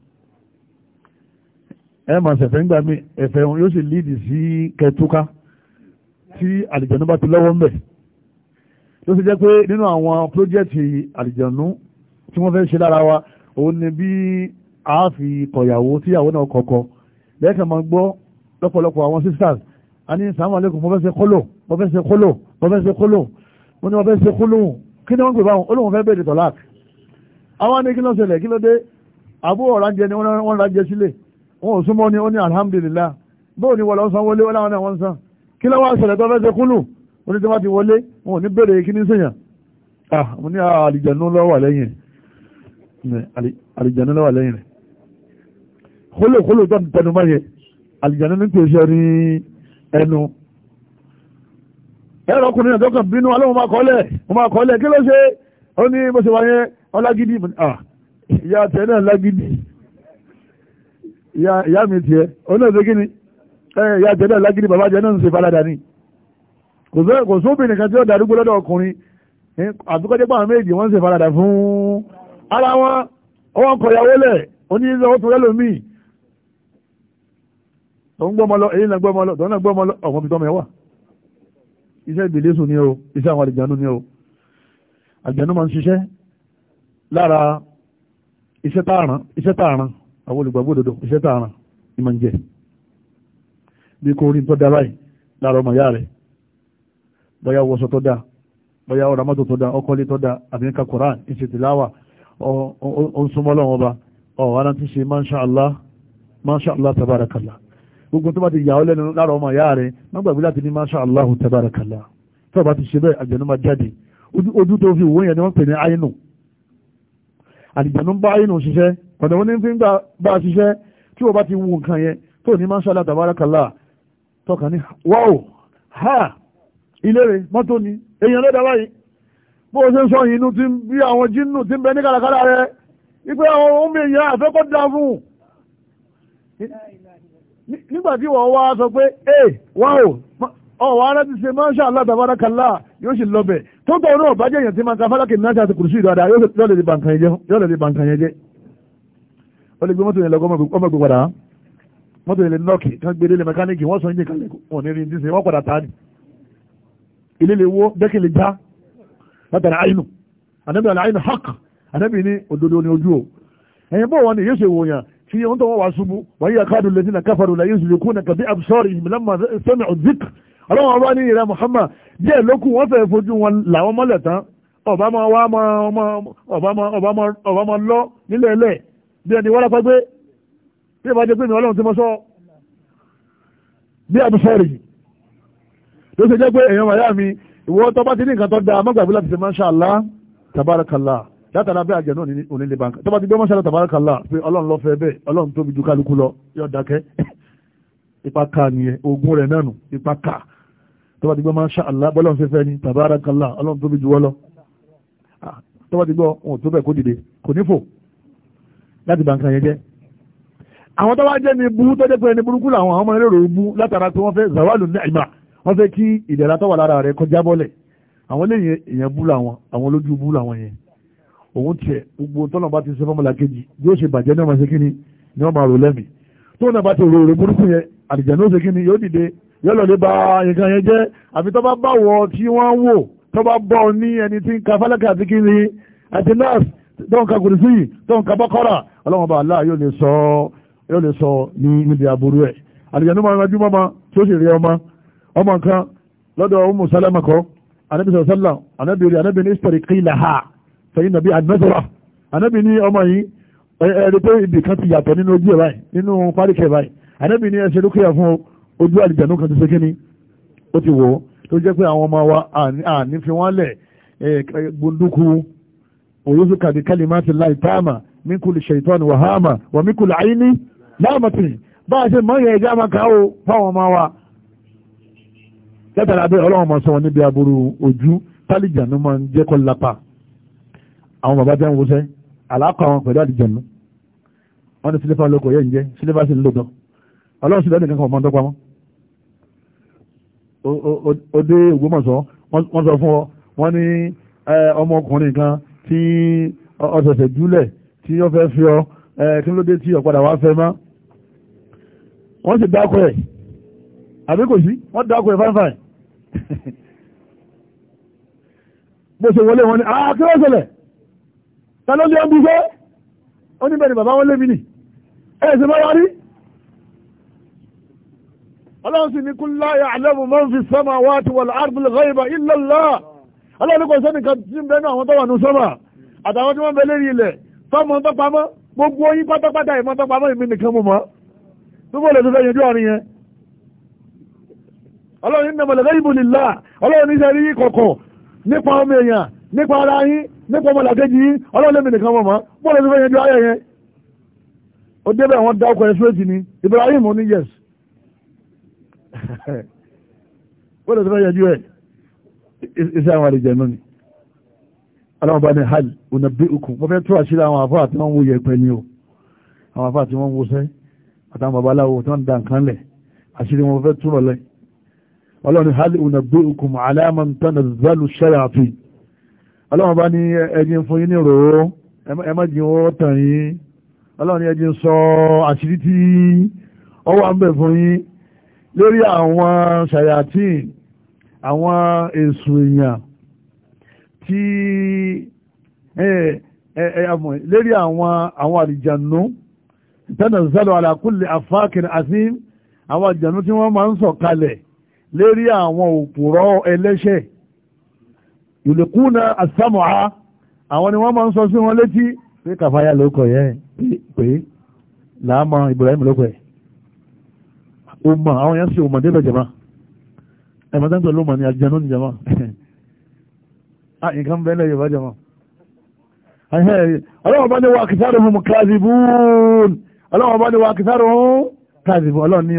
ẹ máa ṣẹ̀fẹ̀ ńgbà mí ẹ̀fẹ̀ yóò sì líìdì sí kẹtúká tí àlìjẹ̀nú bá ti lọ́wọ́ ń ló ṣe jẹ́ pé nínú àwọn pírójẹ́tì àlìjànú tí wọ́n fẹ́ ṣe lára wa òun ni bí a fi kọ̀yàwó tíyàwó náà kọ̀kọ̀ lẹ́ẹ̀kan máa gbọ́ lọ́pọ̀lọpọ̀ àwọn sisters a ní sàmú àlékún mo fẹ́ ṣe kólò mo fẹ́ ṣe kólò mo fẹ́ ṣe kólò mo ní mo fẹ́ ṣe kólò kí ni wọ́n pè báwọn olóhùn fẹ́ bèèrè tọ̀lák àwọn ní kí ló ṣẹlẹ̀ kí ló dé àbú ọ̀rá jẹ ni wọ́n ra jẹ sílẹ̀ wọn ò súnmọ́ ni ó ní alhamdulillah bóò ni wọ́n lọ sanwó lé wọn láwọn náà wọ́n san kí ló wá ṣẹlẹ̀ tó fẹ́ ṣe kólò wọ́n ní tí wọ́n ti wọlé wọn ò ní bèrè kí sèyàn ah mo ní ah, àlìjànú lọ́wọ́ lẹ́yìn rẹ̀ àlìjànú lọ́wọ́ lẹ́yìn rẹ̀ kólòkólò tó ń tẹnu mọ́ yẹn àlìjànú ní tòṣe ní ẹnu ẹ̀rọ ọkùnrin náà tọkàn bínú alẹ́ mo máa kọ́lẹ̀ mo máa kọ́lẹ̀ kí ló ṣe ó ní bó ṣe wá yẹn ọlágídí ah ìyá tẹ náà lágídí ìyá mi tiẹ̀ ó náà ṣe kí ni ìyá tẹ náà lágídí bàbá tẹ náà ń ṣe faladà ni. kò sóbìnrin kan tí ó darúgbó lọ́dọ̀ ọkùnrin àbíkọ́jẹ́ pàmò méjì wọ́n ń se faradà fún ara wọn ọwọ́n kọ̀yàwó lẹ̀ oníyíṣẹ́ ó tún rẹ́ lómi tó ń gbọ́mọ lọ èyí náà gbọ́mọ lọ tó gbọ́mọ lọ ọ̀gbọ́n fi wà o iṣẹ́ àwọn ni o máa ń ṣiṣẹ́ lára iṣẹ́ tààràn iṣẹ́ tààràn àwọn iṣẹ́ tààràn ni máa ń jẹ bí kò rí dára bóyá wọṣọ tó dáa bóyá ọ̀rọ̀ amọ́tò tó dáa ọkọ̀lé tó dáa àbíníkà Quran ìṣètìláwà o ń súnmọ́ lọ́wọ́ ọba ọ̀wọ́ ara ti ṣe masha Allah masha Allah tabarakallah gbogbo tó bá ti yà ọ́ lẹ́nu lára ọmọ ìyá rẹ̀ má gbàgbé láti ní masha Allah tabarakallah tó bá ti ṣe bẹ́ẹ̀ àjẹ̀nú máa jáde ojú tó fi wòye ni wọ́n pè ní àyínú àdìjẹ̀nú bá àyínú ṣiṣẹ́ ọ̀dọ̀ wọn ní fi ń gbà bá ṣiṣẹ́ tí wọ́n bá ti wù nǹkan yẹn tó ní masha Allah tabarakallah tọkàn ní wáò ha ilé rẹ̀ mọ́tò ni èèyàn lọ́dà báyìí bó o ṣe ń sọ yìí inú ti bí àwọn jínnù ti ń bẹ ní kàràkàrà rẹ wípé àwọn ohun èèyàn àfẹ́kọ́ dá fún un nígbà tí wọ́n wá sọ pé ẹ wá o ọ̀wọ́ ara ti ṣe máṣá Allah tabarakallah yóò sì lọ bẹ̀ tó tọ̀ náà bá jẹ́ èèyàn tí máa ka fálákì náà ṣe àti kùrùsù yóò lè di bàǹkàn yẹn jẹ́ ó lè gbé mọ́tò yẹn lọ ọmọ ìgbé padà mọ́tò yẹn lè nọ́ọ̀kì kán gbé délé mẹkáníìkì wọ́n sọ yín nìkan lẹ́kọ̀ọ́ òní rí ní ṣe wọ́n padà tà ní ilé lè wó dẹ́kẹ̀ lè já látara àìnù ànábì àìnù hàk ànábì ní òdodo ní ojú o ẹ̀yìn bọ́ wọn ni yóò ṣe wò yàn tí wọ́n tó wọ́n wá ṣubú wáyé àkádù lẹ́sìn àkáfàrù làyé ìṣèlú kú nà kàbí àbúsọ́rì ìmìlẹ́mà sẹ́mi ọ̀dík ọlọ́wọ́n wá ní ìrẹ́ Muhammad díẹ̀ lókù wọ́n fẹ́ fojú wọn làwọn mọ́lẹ̀ tán ọba máa wá máa tó ṣe jẹ́ pé èèyàn wàyà mi ìwọ tó bá ti ní nǹkan tó da mọ́gbàgbé láti ṣe mashallah tabarakallah látara bẹ́ẹ̀ àjẹ́ náà ní onílé bank tó bá ti gbé mashallah tabarakallah pé ọlọ́run lọ fẹ́ bẹ́ẹ̀ ọlọ́run tóbi ju kálukú lọ yọ dákẹ́ ipa ká nìyẹn ogun rẹ̀ náà nù ipa ká tó bá ti gbé mashallah bọ́lọ́run ṣe fẹ́ ni tabarakallah ọlọ́run tóbi ju wọ́lọ́ tó bá ti gbọ́ wọn ò tó bẹ́ẹ̀ kó dìde kò ní fò láti bank yẹn jẹ́ àwọn tó wá jẹ́ ni burú tó jẹ́ pé ẹni burúkú wọ́n fẹ́ kí ìdẹ̀ra tó wà lára rẹ̀ kọjá bọ́lẹ̀ àwọn lẹ́yìn èèyàn bú làwọn àwọn lójú bú làwọn yẹn òun tiẹ̀ gbogbo tọ́nà bá ti ṣe fọ́mọ́là kejì yóò ṣe bàjẹ́ náà máa ṣe kíni ni wọ́n máa rò lẹ́mì tó bá ti rò burúkú yẹn àlìjáná ó ṣe kíni yóò dìde yóò lọ ba nǹkan yẹn jẹ́ àfi tó bá bá wọ tí wọ́n wò tó bá bọ́ ní ẹni tí ń ka fálákà àti kíni àti nọ́ọ̀sì tó ń ka kùrìsì tó ọmọ kan lọ́dọ̀ Ummu Salama kọ́ anábì sọ̀rọ̀ sọ́lá anábì rí anábì ní ìsítọ̀rì kílà ha sẹ́yìn nàbí àdínẹ́sọ̀rọ̀ anábì ní ọmọ yìí ẹ̀ẹ́dẹ́ pé ibì kan ti yàtọ̀ nínú ojú ẹ̀ báyìí nínú páríkẹ̀ báyìí anábì ní ẹsẹ̀ lókè fún ojú àlìjànú kan ti ṣe kíní ó ti wò ó tó jẹ́ pé àwọn ọmọ wa àní fi wọ́n lẹ̀ gbunduku òyòsù kàdí kalimati láì táàmà min kulli shaitan wàhámà wà min kulli àyíní láàmàtì bá a ṣe mọ́ yẹ ẹja máa ká o fáwọn ọmọ wa látara bẹ́ẹ̀ ọlọ́run máa sọ wọn níbi aburú ojú tálíjànú máa ń jẹ́ kọ́ lápá àwọn bàbá tẹ́ ń wọṣẹ́ àlàkọ̀ àwọn pẹ̀lú àlìjànú wọ́n ni sílífà lóko yẹ́ ń jẹ́ sílífà sí lóòótọ́ ọlọ́run sílẹ̀ nìkan kan máa ń dọ́gba wọn. òde Ògbómọ̀ṣọ́ wọ́n sọ fún ọ wọ́n ní ọmọkùnrin kan tí ọ̀sẹ̀sẹ̀ júlẹ̀ tí ó fẹ́ fi ọ kí ló dé tí ọ̀padà wá fẹ́ àbí kò sí wọ́n dákò ẹ̀ fáìfáì bó ṣe wọlé wọn ni àkí ah, ó ṣẹlẹ̀ ta ló lé ọ́n bí pé ó ní bẹ̀rẹ̀ bàbá wọn lé mi nì ẹ̀ ṣe máa rí ọlọ́run sì ní kul la ya'lamu man fi samawati wal ardil ghaiba illa Allah ọlọ́run kò sẹ́ni kan tí ń bẹ́nu àwọn tó wà ní sọ́mà àtàwọn tí wọ́n bẹ lérí ilẹ̀ fọ́mọ tó pamọ́ gbogbo yín pátápátá ìmọ́tọ́pamọ́ ìmí mọ́ tó bó tó fẹ́ yẹn ọlọ́run ní nàmọ̀lẹ̀ lẹ́yìn bò nílá ọlọ́run ní sẹ́rí kọ̀kọ̀ nípa ọmọ èèyàn nípa ara yín nípa ọmọ làkejì yín ọlọ́run lẹ́mìí nìkan mọ̀ mọ́ bọ́ọ̀lù tó fẹ́ yẹn ju ayẹ yẹn ó débẹ̀ wọn dá ọkọ̀ yẹn sóòtì ni Ibrahim ó ní yes bọ́ọ̀lù tó fẹ́ yẹn ju ẹ̀ iṣẹ́ àwọn àlejò ẹ̀nà ni aláwọ̀ bá ní hal ọ̀nà bí okùn wọ́n fẹ́ tó àṣírí àwọn àfáà tí wọ́n ń wo yẹpẹ ni o àwọn àfáà tí wọ́n ń wo sẹ́ àtàwọn babaláwo tí wọ́n da nǹkan lẹ̀ àṣírí wọn fẹ́ túrọ̀ lẹ́yìn ọlọ́run hali unagbe okùn aláàmà tánà zalu ṣayàfi ọlọ́run bá ní ẹjìn fún yín ní ìrò ẹ má jìn ó tàn yín ọlọ́run ẹjìn sọ àṣírí tí ó wà ń bẹ̀ fún yín lórí àwọn ṣayàtì àwọn èsù èèyàn tí lórí àwọn àlìjànú tánà zalu ala kulli àti àwọn àlìjànú tí wọ́n máa ń sọ̀ lérí àwọn òpùrọ́ ẹlẹ́ṣẹ̀ ìlẹ̀kùnà àsámọ̀á àwọn ni wọ́n máa ń sọ sí wọn létí pé kàfáyà ló kọ̀ yẹn pé làámọ̀ Ibrahim ló kọ̀ ẹ̀ o mọ̀ àwọn yẹn sì o mọ̀ débẹ̀ jẹ̀mọ́ ẹ̀mọ́ tó ń pẹ̀lú mọ̀ ní àjẹnú ní jẹ̀mọ́ a nǹkan bẹ́ẹ̀ lẹ́yìn bá jẹ̀mọ́ ọlọ́wọ́ bá ní wa aktharuhum kadhibun ọlọ́wọ́ bá ní wa aktharuhum kadhibun ọlọ́wọ́ ní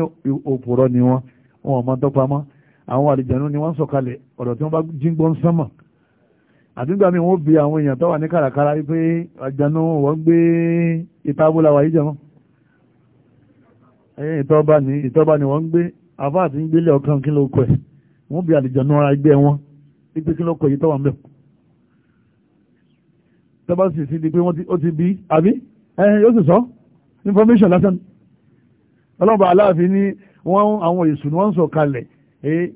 òpùrọ́ ni wọ́n wọn ò mọ tọpamọ́ àwọn àlìjẹ̀nu ni wọ́n sọ̀kalẹ̀ ọ̀dọ̀ tí wọ́n bá jíǹgbọ́ ń sánmà àdúgbà mi wọ́n bi àwọn èèyàn tó wà ní kàràkàrà wípé àjànú wọ́n gbé ìtàbólà wà yíjọ mọ́ ìtọ́ba ni wọ́n gbé afá àti ń gbélé ọkàn kí ló kọ ẹ̀ wọ́n bi àlìjànú ara ẹgbẹ́ wọn wípé kí ló kọ yìí tọ́wà ń bẹ̀ sì sí di pé ó ti bí àbí ẹ̀ yóò sì sọ information lásán ọlọ́ba aláàfin ní wọ́n àwọn èṣù ni wọ́n ń sọ kalẹ̀ eh,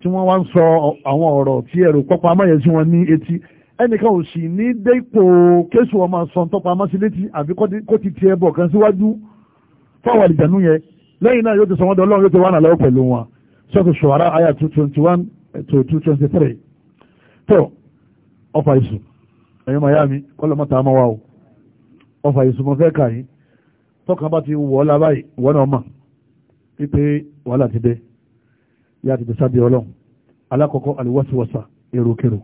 tí wọ́n wá ń sọ àwọn ọ̀rọ̀ tí ẹ̀rù pọ́pọ́ amáyẹ̀ sí wọn ní etí ẹnìkan ò sì ní dépò kéṣù ọmọ sàn tọ́pọ̀ amásí létí àbí kó ti tiẹ̀ bọ̀ kan síwájú fáwọn àlìjànú yẹn lẹ́yìn náà yóò ti sọ wọ́n dọ́lọ́run yóò ti wà náà lọ́wọ́ pẹ̀lú wọn sọ́kù ṣùwárà àyà two twenty one to two twenty three tó ọfà ìṣù ẹ̀yin miami kọ́lọ́mọ́ta amáwá o ọfà ìṣù mo fẹ́ kà yín tọ́kàn bá ti wọ̀ ọ́ lábáyé wọ́n náà mọ̀ wípé wàhálà ti dé yá ti dẹ̀sábì ọlọ́run alákọ̀ọ́kọ́ àlùwọ́síwọ́sà èròkèrò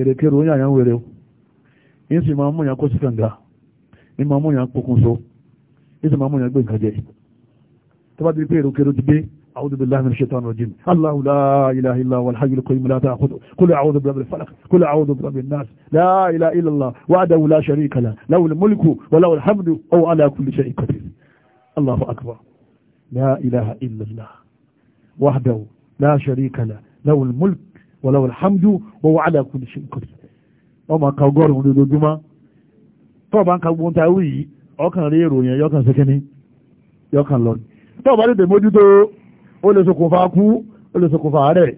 èròkèrò ń yàyàn wèrè o ń sì máa mú yàn kó sí kànga ń máa mú yàn pokùnso ń sì máa mú gbé nǹkan jẹ tó bá di pé èròkèrò ti dé أعوذ بالله من الشيطان الرجيم الله لا إله إلا هو الحي القيوم لا تأخذه قل أعوذ برب الفلق قل أعوذ برب الناس لا إله إلا الله وحده لا شريك له له الملك وله الحمد وهو على كل شيء قدير الله أكبر لا إله إلا الله وحده لا شريك له له الملك وله الحمد وهو على كل شيء قدير ọmọ kan ọgọ́rùn-ún lójoojúmọ́ tọ́ọ̀bá ń ka gbogbo ta wí yìí ọkàn rí ìròyìn yọkàn sẹ́kẹ́ni yọkàn lọ tọ́ọ̀bá lè dèmójútó ó lè ṣokùnfà kú ó lè ṣokùnfà àárẹ̀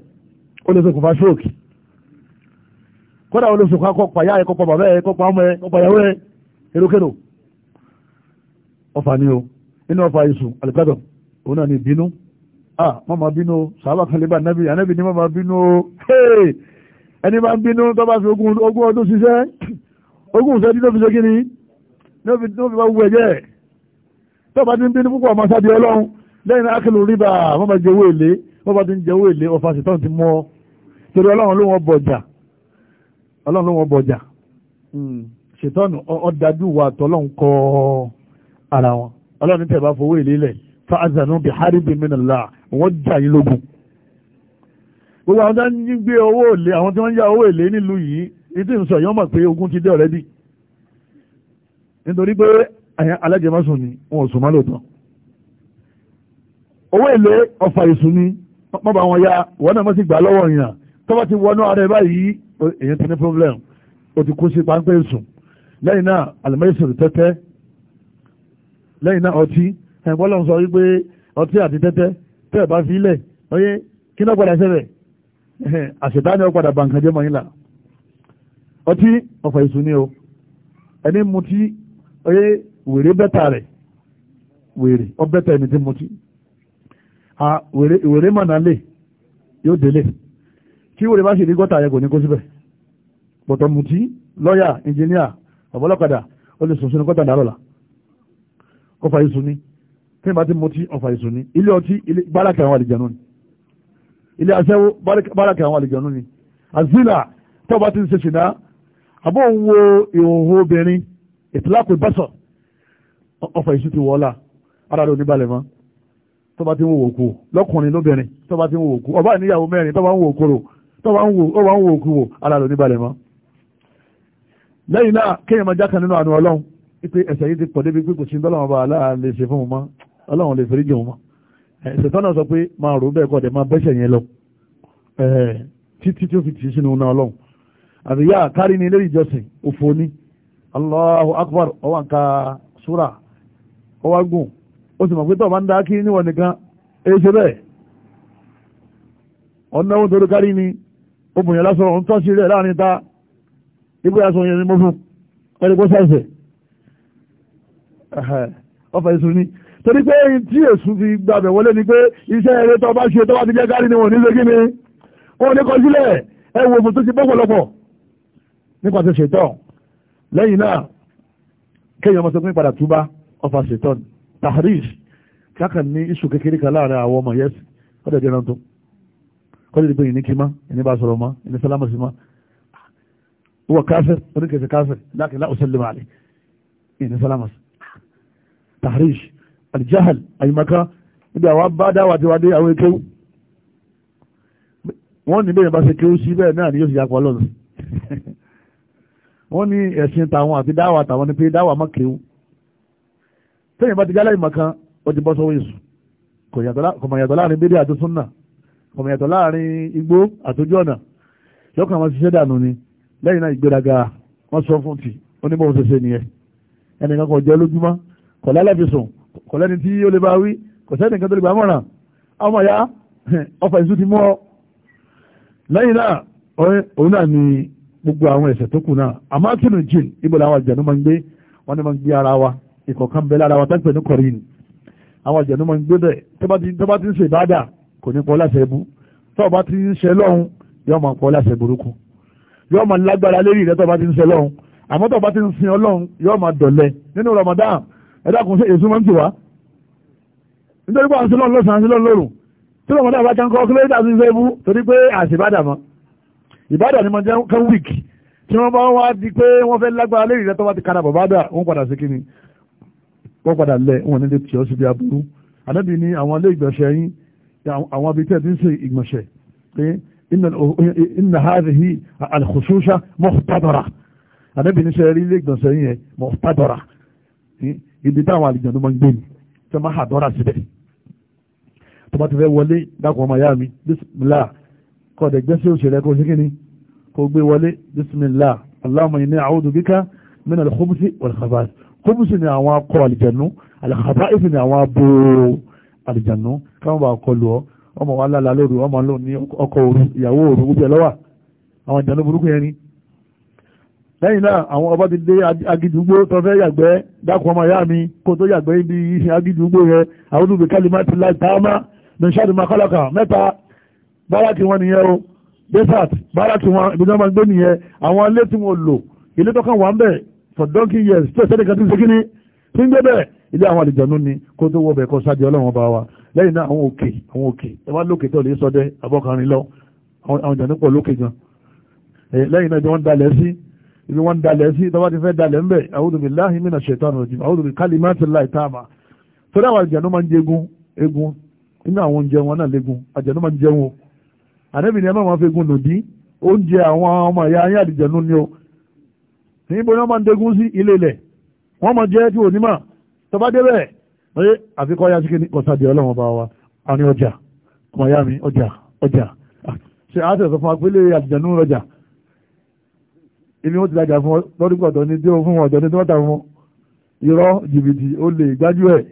ó lè ṣokùnfà ṣóòkì kódà ó lè ṣokùnfà kọ́pà yá ẹ̀ kọ́pà bàbá ẹ̀ kọ́pà ọmọ ẹ̀ kọ́pà ìyàwó ẹ̀ erókèrò ọfà ni o nínú ọfà ìsù àlùkádọ̀ òun náà ni ah, bínú ah mama ma bínú sàábà kan lè bá ni mama ma hey eni ẹni bá ń bínú tó bá fi ogún ọdún ṣiṣẹ́ ogún ìṣẹ́jú tó fi ṣe kíni tó fi bá wù ẹ̀jẹ̀ tó bá ti ń bínú púpọ̀ ọmọ sábì ọlọ́run lẹ́yìn akílù rìbá wọ́n bá jẹwọ́ èlé wọ́n bá ti ń èlé ọ̀fà ṣetán ti mọ́ torí ọlọ́run ló wọ́n bọ̀jà ọlọ́run ló wọ́n bọ̀jà hmm. ṣetán ọ̀dàdúwà tọ́lọ́run kọ́ ara wọn ọlọ́run tẹ̀ bá fowó èlé lẹ̀ fàázànú bí haribi minallah wọ́n jà yín lógun gbogbo àwọn tó ń gbé owó èlé àwọn tí wọ́n ń ya owó èlé nílùú yìí ìtì ń sọ yọ́n mọ̀ pé ogun ti dé ọ̀rẹ́dì nítorí pé alájẹmọ́sùn ni wọn ò sùn mọ́ lóòótọ́ owó èlé ọ̀fà ìsùn ni mọ́ bá wọn ya wọ́n náà mọ́ gbà lọ́wọ́ yìnyín tó bá ti wọnú ara ẹ báyìí èyí ti ní problem o ti kú sí páńpẹ́ ìsùn lẹ́yìn náà àlùmọ́ ìsùn tẹ́tẹ́ lẹ́yìn náà ọtí ẹ̀pọ́lọ̀ ń sọ wípé ọtí àti tẹ́tẹ́ tẹ́ ẹ̀ bá fi ilẹ̀ ọyẹ́ kí náà padà sẹ́rẹ̀ àṣetá ni ó padà bà jẹ́ mọ́yìnlá ọtí ọ̀fà ìsú ni o ẹni mutí ọyẹ́ wèrè bẹ́tà rẹ̀ wèrè ọ bẹ́tà ẹni tí mutí wèrè mọ̀nà lè yóò délé tí wèrè bá sì rí gọ́tà yẹ kò ní kó síbẹ̀ pọ̀tọ̀ mutí lọ́yà ìnjìníà ọ̀bọ̀lọ́kadà ó lè sùn sínú gọ́tà dàrọ̀là ọ̀fà ìsú ni tí ìbá ti mutí ọ̀fà ìsùn ni ilé ọtí báràkì àwọn àlìjẹ̀nú ni ilé aṣẹ́wó báràkì àwọn àlìjẹ̀nú ni azila tó bá ti ń ṣe ṣìnà àbọ̀ ń wo ìhòòhò obìnrin ìtìlápò ìbásọ̀ ọ̀fà ìsùn ti wọ́ọ́lá ara rẹ̀ oníbalẹ̀ mọ́ tó bá ti ń wo òkú lọ́kùnrin lóbìnrin tó bá ti ń wo òkú ọba ìníyàwó mẹ́rin tó bá ń wo òkúrò tó bá ń wo òkú wo ara rẹ̀ oníbalẹ̀ mọ́ lẹ́yìn náà kéèyàn máa jákàn nínú àánú ọlọ́run wípé ẹ̀sẹ̀ yìí ti pọ̀ débi pé kò sí dọ́là wọn bá aláàlẹ́ ṣe fún un mọ́ ọlọ́run lè foríjì wọn ṣètọ́nà sọ pé máa rò bẹ́ẹ̀ kọ́dẹ̀ máa bẹ́sẹ̀ yẹn lọ títí tí ó fi tì sínú náà ọlọ́run àríyá kárí ní ilé ìjọsìn òfò ní Allahu Akbar ọwọ́ nǹkan súrà ọwọ́ gùn ó sì mọ̀ pé tọ́ọ̀ máa ń dá kí níwọ̀n nìkan èyí ṣe bẹ́ẹ̀ ọ̀nà ohun torí kárí ni obìnrin lásán òun tọ́ sí rẹ̀ láàrin ta ibú yà sọ yẹn ni mo fún ẹni kó sáìsẹ̀ ọfà ìsúní torí pé tí èsù fi gbàbẹ̀ wọlé ni pé iṣẹ́ eré tó bá ṣe tó bá ti jẹ́ kárí ni wọ́n ní ṣe kí ni wọ́n ní kọjú lẹ̀ ẹ wo òfin tó ti bọ́pọ̀lọpọ̀ nípa ti ṣètọ́ lẹ́yìn náà kéèyàn ọmọ tó pín padà túbá ọfà ṣètọ́ tahrish káàkà ní iṣu kékeré kan láàrin àwọn ọmọ yẹsì kọ́dẹ̀ jẹ́ náà tó kọ́dẹ̀ ti pé ìní kí má ìní bá sọ̀rọ̀ má ìní sálámà sí má wọ́n káfẹ́ oníkẹsẹ̀ káfẹ́ láti láòṣẹ́lẹ̀ máa lè ìní sálámà sí tahrish aljahal àyìnbákan níbi àwọn bá dáwà tí wà dé àwọn ekéwù wọ́n ní bẹ́ẹ̀ bá ṣe kéwù sí bẹ́ẹ̀ náà ni yóò ṣe yàpọ̀ lọ́nà wọ́n ní ẹ̀sìn tàwọn àti dáwà tàwọn ni pé dáwà má kéwù tẹ́yìn bá ti jálẹ̀ ìmọ̀kan ó ti bọ́ sọ́wọ́ èṣù kò mọ̀ yàtọ̀ láàrin bídí àti súnà kò mọ̀ yàtọ̀ láàrin igbó àtòjú ọ̀nà yọkàn wọn ṣiṣẹ́ dànù ni lẹ́yìn náà ìgbéraga wọ́n sọ fún ti onímọ̀ òṣèṣe nìyẹn ẹnìkan kò jẹ́ lójúmọ́ kò lẹ́ni tí ó lè bá wí kò sẹ́ni kan tó lè bá mọ̀ràn ọmọ ya ọfà ìṣú ti mọ́ ọ lẹ́yìn náà òun náà ni gbogbo àwọn ẹ̀ṣẹ̀ tó kù náà àmọ́ kínú jìn ibo làwọn àjẹ̀nú máa ń gbé wọn ni máa ń gbé ara wa ìkọ̀kan bẹ lára wa tá ń pè ní kọ̀rin àwọn àjẹ̀nú máa ń gbé bẹ̀ tó bá ti ń ṣe ìbáàdà kò ní pọ̀ láṣẹ ibú tó bá ti ń ṣe lọ́hùn yóò máa pọ̀ láṣẹ burúkú yóò máa lágbára lérí rẹ tó bá ti ń ṣe lọ́hùn àmọ́ tó bá ti ń sin ọlọ́hun yóò máa dọ̀lẹ nínú Ramadan ẹ̀dàkùn sí èso máa ń ti wá nítorí pé àwọn sílọ́ọ̀ lọ́sàn án sílọ́ọ̀ lọ́rùn tí lọ́mọ náà bá jẹ́ ń kọ́ kí lóyún àti ìfẹ́ ibú torí pé àṣì ìbàdàn mọ́ ìbàdàn ni mo jẹ́ kán wíìkì tí wọ́n bá wá di pé wọ́n fẹ́ lágbára lérí rẹ̀ tó wá ti kára bàbádà wọ́n padà sí kíni wọ́n padà lẹ̀ wọ́n nílé tí ó sì bí aburú ànábì ni àwọn ilé ìgbọ̀nsẹ̀ yín àwọn abí tẹ́ ti ń ṣe ìgbọ̀nsẹ̀ pé inna hadhihi al-khususha muhtadara ànábì ibi táwọn àlìjànú máa ń gbé ni tí wọ́n máa hàdọ́rà síbẹ̀ tó bá ti fẹ́ wọlé dákun ọmọ ìyá mi bísímìlá kọ́ọ̀dẹ̀ gbẹ́sẹ̀ òṣèré kó ṣe kíni kó gbé wọlé bísímìlá allahumma inni a'udhu bika min al-khubuthi wal-khaba'ith khubuthi ni àwọn akọ àlìjànú al-khaba'ith ni àwọn abo àlìjànú káwọn bá kọ lù ọ ọmọ wa lálàá lóru ọmọ lónìí ọkọ òru ìyàwó òru gbogbo lọ́wà àwọn àlìjànú burúkú yẹn ni lẹ́yìn náà àwọn ọba ti dé agidugbo tó fẹ́ yàgbẹ́ dákun ọmọ ìyá mi kó tó yàgbẹ́ ibi iṣẹ́ agidugbo yẹ àwọn olùgbé kálímà ti láì táàmà nìṣàdì makọ́lọ́kà mẹ́ta báràkì wọn nìyẹn o desert báràkì wọn ibi náà máa gbé nìyẹn àwọn ilé tí mo lò ilé tó kàn wá bẹ̀ for donkey years tó ṣẹ́ni kan tó ṣe kíní tí ń gbé bẹ́ẹ̀ ilé àwọn àlìjànú ni kó tó wọ bẹ̀ kọ́ sáájú ọlọ́run ọba wa lẹ́yìn náà àwọn òkè àwọn òkè ẹ wá lókè tó lè sọdẹ ibi wọ́n dalẹ̀ sí tọ́wọ́ ti fẹ́ dalẹ̀ ń bẹ̀ a'udhu billahi minash shaitani rajim a'udhu bi kalimatillahi taama torí àwọn àjànú máa ń jẹgun egun inú àwọn oúnjẹ wọn náà légun àjànú máa ń jẹun o ànábì ni ẹ máa fi egun lòdì oúnjẹ àwọn ọmọ ìyá ayé àdìjẹ̀nu ni o ní ibo ni wọ́n máa ń degun sí ilé ilẹ̀ wọ́n máa jẹ́ tí ò ní mà tọ́ba débẹ̀ oye àfikọ́ ya síkí kọ̀sádìí ọlọ́run bá wa a ní ọjà ọmọ ìyá mi ọjà ọjà ṣe àtẹ̀sọ̀ fún apẹ́lẹ́ àdìjẹ̀nu ọjà ibi wọ́n ti dájà fún lọ́dúnkọ̀ ọ̀dọ̀ ní tí ó fún ọ̀dọ̀ ní tí wọ́n tà fún irọ́ jìbìtì ó lè gbájú ẹ̀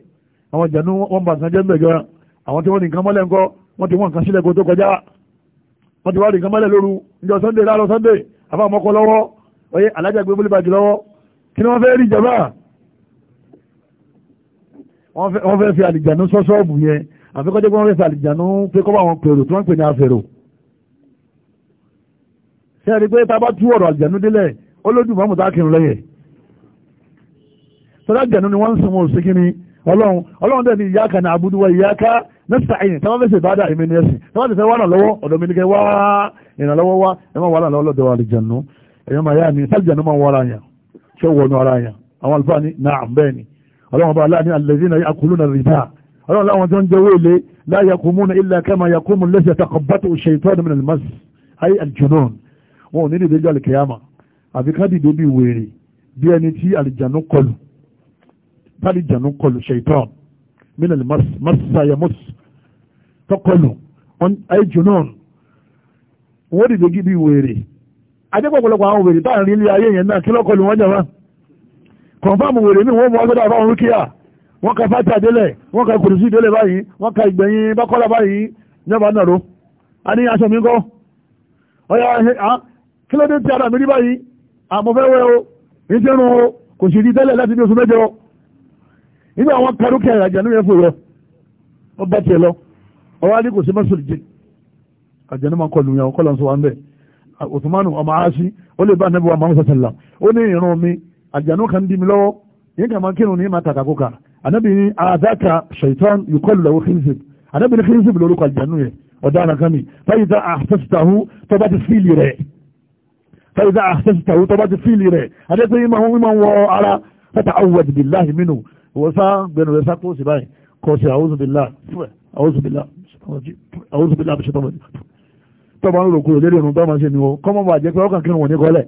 àwọn ìjànú wọn bá nǹkan jẹ́ mbẹ̀ gan àwọn tí wọ́n ní nǹkan mọ́lẹ̀ ńkọ́ wọ́n ti wọ́n nǹkan sílẹ̀ kó tó kọjá wọ́n ti wá rí nǹkan mọ́lẹ̀ lóru ìjọ sunday lálọ́ sunday àbá ọmọkọ lọ́wọ́ oyè alájà gbé bólúbàjì lọ́wọ́ kí ni wọ́n fẹ́ rí ìjọba wọ́n fẹ́ fi àlìjànú sọ́sọ́ọ̀bù yẹn àfikọ́jẹ́ pé wọ́n fẹ́ fi àlìjànú pé kọ́ bá wọn pèrò tí wọ́n ń pè ní afẹ́rò ṣe rí pé tá a bá tú ọ̀rọ̀ àjẹ̀nú délẹ̀ olójú mọ́mù tá a kìrìn lẹ́yẹ̀ tọ́lá àjẹ̀nú ni wọ́n ń sinmi òsì kí ni ọlọ́run ọlọ́run dẹ̀ ni ìyá kan náà àbúdúwọ̀ ìyá ká mẹ́ta ẹ̀yìn tí wọ́n fẹ́ ṣe ìbáda èmi ni ẹ̀sìn tí wọ́n ti fẹ́ wà lọ́wọ́ ọ̀dọ̀ mi ni kẹ́ wá ìrànlọ́wọ́ wá ẹ má wà lọ́wọ́ lọ́dọ̀ àlìjẹ̀nú ẹ̀yọ́ máa yá ni sálìjẹ̀nú máa wọ yàn ṣé wọnú ara yàn àwọn àlùfáà ni náà bẹ́ẹ̀ ni ọlọ́run bá aláàní alladhina ya'kuluna rìbá ọlọ́run láwọn tó ń jẹ wéèlé la yaqumuna illa kama yaqumu lẹ́sẹ̀ takọ̀bátò ṣètọ́nù min al-mas ay al-junun wọn ò ní dìde jọ́lì kìyàmà àfi ká dìde bí wèrè bí ẹni tí àlìjànú kọlù tálìjànú kọlù ṣèitán mílẹ̀ masayamus tọkọlù ayéjúnáà wọ́n dìde gí bí wèrè adépọ̀pọ̀lọpọ̀ àwọn wèrè táà rí ilé ayé yẹn náà kí lọ́kọlù wọ́n jẹ̀wọ́n kọ̀ǹfàmù wèrè ní wọ́n mú ọgbọ́dọ̀ àbáwọn rúkìá wọ́n ka fátà délẹ̀ wọ́n ka kùrùsí délẹ̀ báyìí wọ́n ka ìgbẹ̀yìn bákọ́lá báyìí ní ọba nàró a ní aṣọ mi kọ́ ọ̀yà kí ló dé tí ara mi rí báyìí àmọ́fẹ́wẹ́ o ìṣẹ́nu o kò sì rí tẹ́lẹ̀ láti bí oṣù mẹ́jọ nígbà wọn kẹrùkẹ àjànú yẹn fò yọ ọ bá tiẹ̀ lọ ọwọ́ adé kò sí mẹ́sọ̀lì jẹ àjànú máa kọlu yẹn kọlọ̀ sọ wa ń bẹ̀ òtùmánù ọmọ aṣí ó lè bá nẹ́bí wa máa ń sọ̀tẹ̀lá ó ní ìran mi àjànú kan dí mi lọ́wọ́ yín kà máa kírun ní máa tàkàkùkà ànábì ní àdáka ṣèitán yukọlù lọ́wọ́ khinzib ànábì ní khinzib lórúkọ àjànú yẹn ọ̀daràn kan ní fẹ́yìntà àtẹ̀sítàhù tó bá ti fíìlì rẹ̀ fẹ́ẹ́dá àṣẹ́sìtà òótọ́ bá ti fíìlì rẹ̀ adẹ́pẹ́ yìí máa ń wọ ara fẹ́ta awùwàd billahi minhu wọ́n sá gbẹnu rẹ̀ sá kó sì báyìí kọ́ sí a'udhu billahi a'udhu billahi a'udhu billahi àbíṣẹ́ tọ́mọdé tọ́ba ń rògbò lérí ọ̀nà tó máa ṣe ni o kọ́mọ́ bá jẹ́ pé ọkàn kírun wọn ní kọ́lẹ̀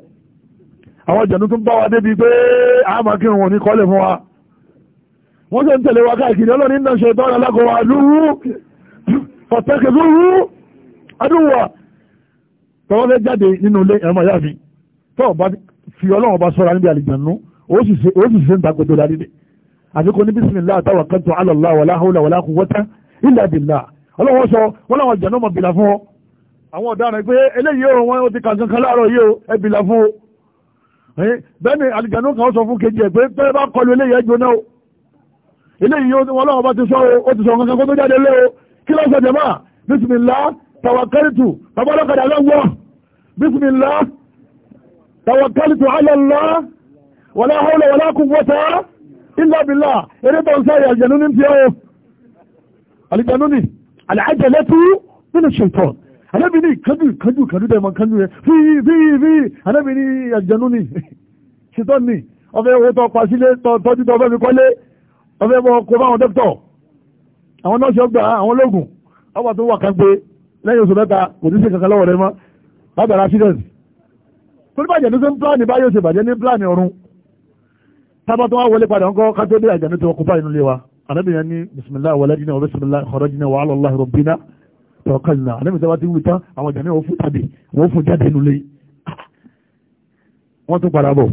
àwọn jẹ̀nu tún bá wa débi pé a máa kírun wọn ní kọ́lẹ̀ fún wa wọ́n sì ń tẹ̀lé wa káàkiri ọlọ́ni náà ṣe tọ́ra lákọ̀ọ́ àdúrú ọ̀tẹ́kẹ̀dúrú àdúrà tọ́wọ́ fẹ́ jáde nínú ilé ẹ̀rọ màá yáàfin tọ́wọ́ bá fi ọlọ́run bá sọ́ra níbi àlìjànú ó sì ṣe ń takoto la dídé àfikún ní bismillah tawakkaltu ala Allah wala hawla wala quwwata illa billah ọlọ́wọ́n sọ wọ́n láwọn jẹ̀ náà bìlà fún ọ àwọn ọ̀daràn pé eléyìí o wọn ti kàn kankan láàárọ̀ yìí o ẹ bìlà fún o bẹ́ẹ̀ni àlìjànú kan sọ fún kejì ẹ̀ pé tẹ́ bá kọlu eléyìí ẹjọ́ náà o eléyìí wọn bá ti sọ o ó ti sọ kankan kó tó jáde lé o kí lọ́sọ̀ jẹ̀ máa bismillah tàwàkẹ́rìtù tàbọ́lọ́kadà lọ́wọ́ bísmìlá tàwàkẹ́rìtù alọ́lá wàlá hawla wàlá quwwata illa billah eré tó ń sáré àjẹ̀nú ní tiẹ́ o àlìjẹ̀nú ni àlàájẹ̀lẹ́tú nínú ṣètò àlẹ́bí ní kájú kájú kájú dẹ̀ mọ́ kájú rẹ̀ fíyí fíyí fíyí àlẹ́bí ní àjẹ̀nú ni ṣètò ni ọfẹ́ owó tó pa sílé tọ́jú tó fẹ́ fi kọ́lé ọfẹ́ bọ́ kó bá àwọn dókítọ̀ àwọn nọ́ọ̀sì ọgbà àwọn ológun ọwọ́ tó wà ká gbé lẹ́yìn oṣù mẹ́ta kò ní sí kankan lọ́wọ́ rẹ mọ́ bàbá ra fídẹ́ǹsì tó ní bàjẹ́ ní sí ń pláàni báyọ̀ ṣe bàjẹ́ ní pláàni ọ̀run tábà tó wá wọlé padà ńkọ́ ká tó àjàní tó kópa inú ilé wa anábìyàn ní bisimilahi walajina wa bisimilahi kharajina wa alalahi rabbina tọkànlá anábìyàn tó wá ti wí tán àwọn àjàní wọn fún tàbí wọn fún jáde inú ilé wọn tún padà bọ̀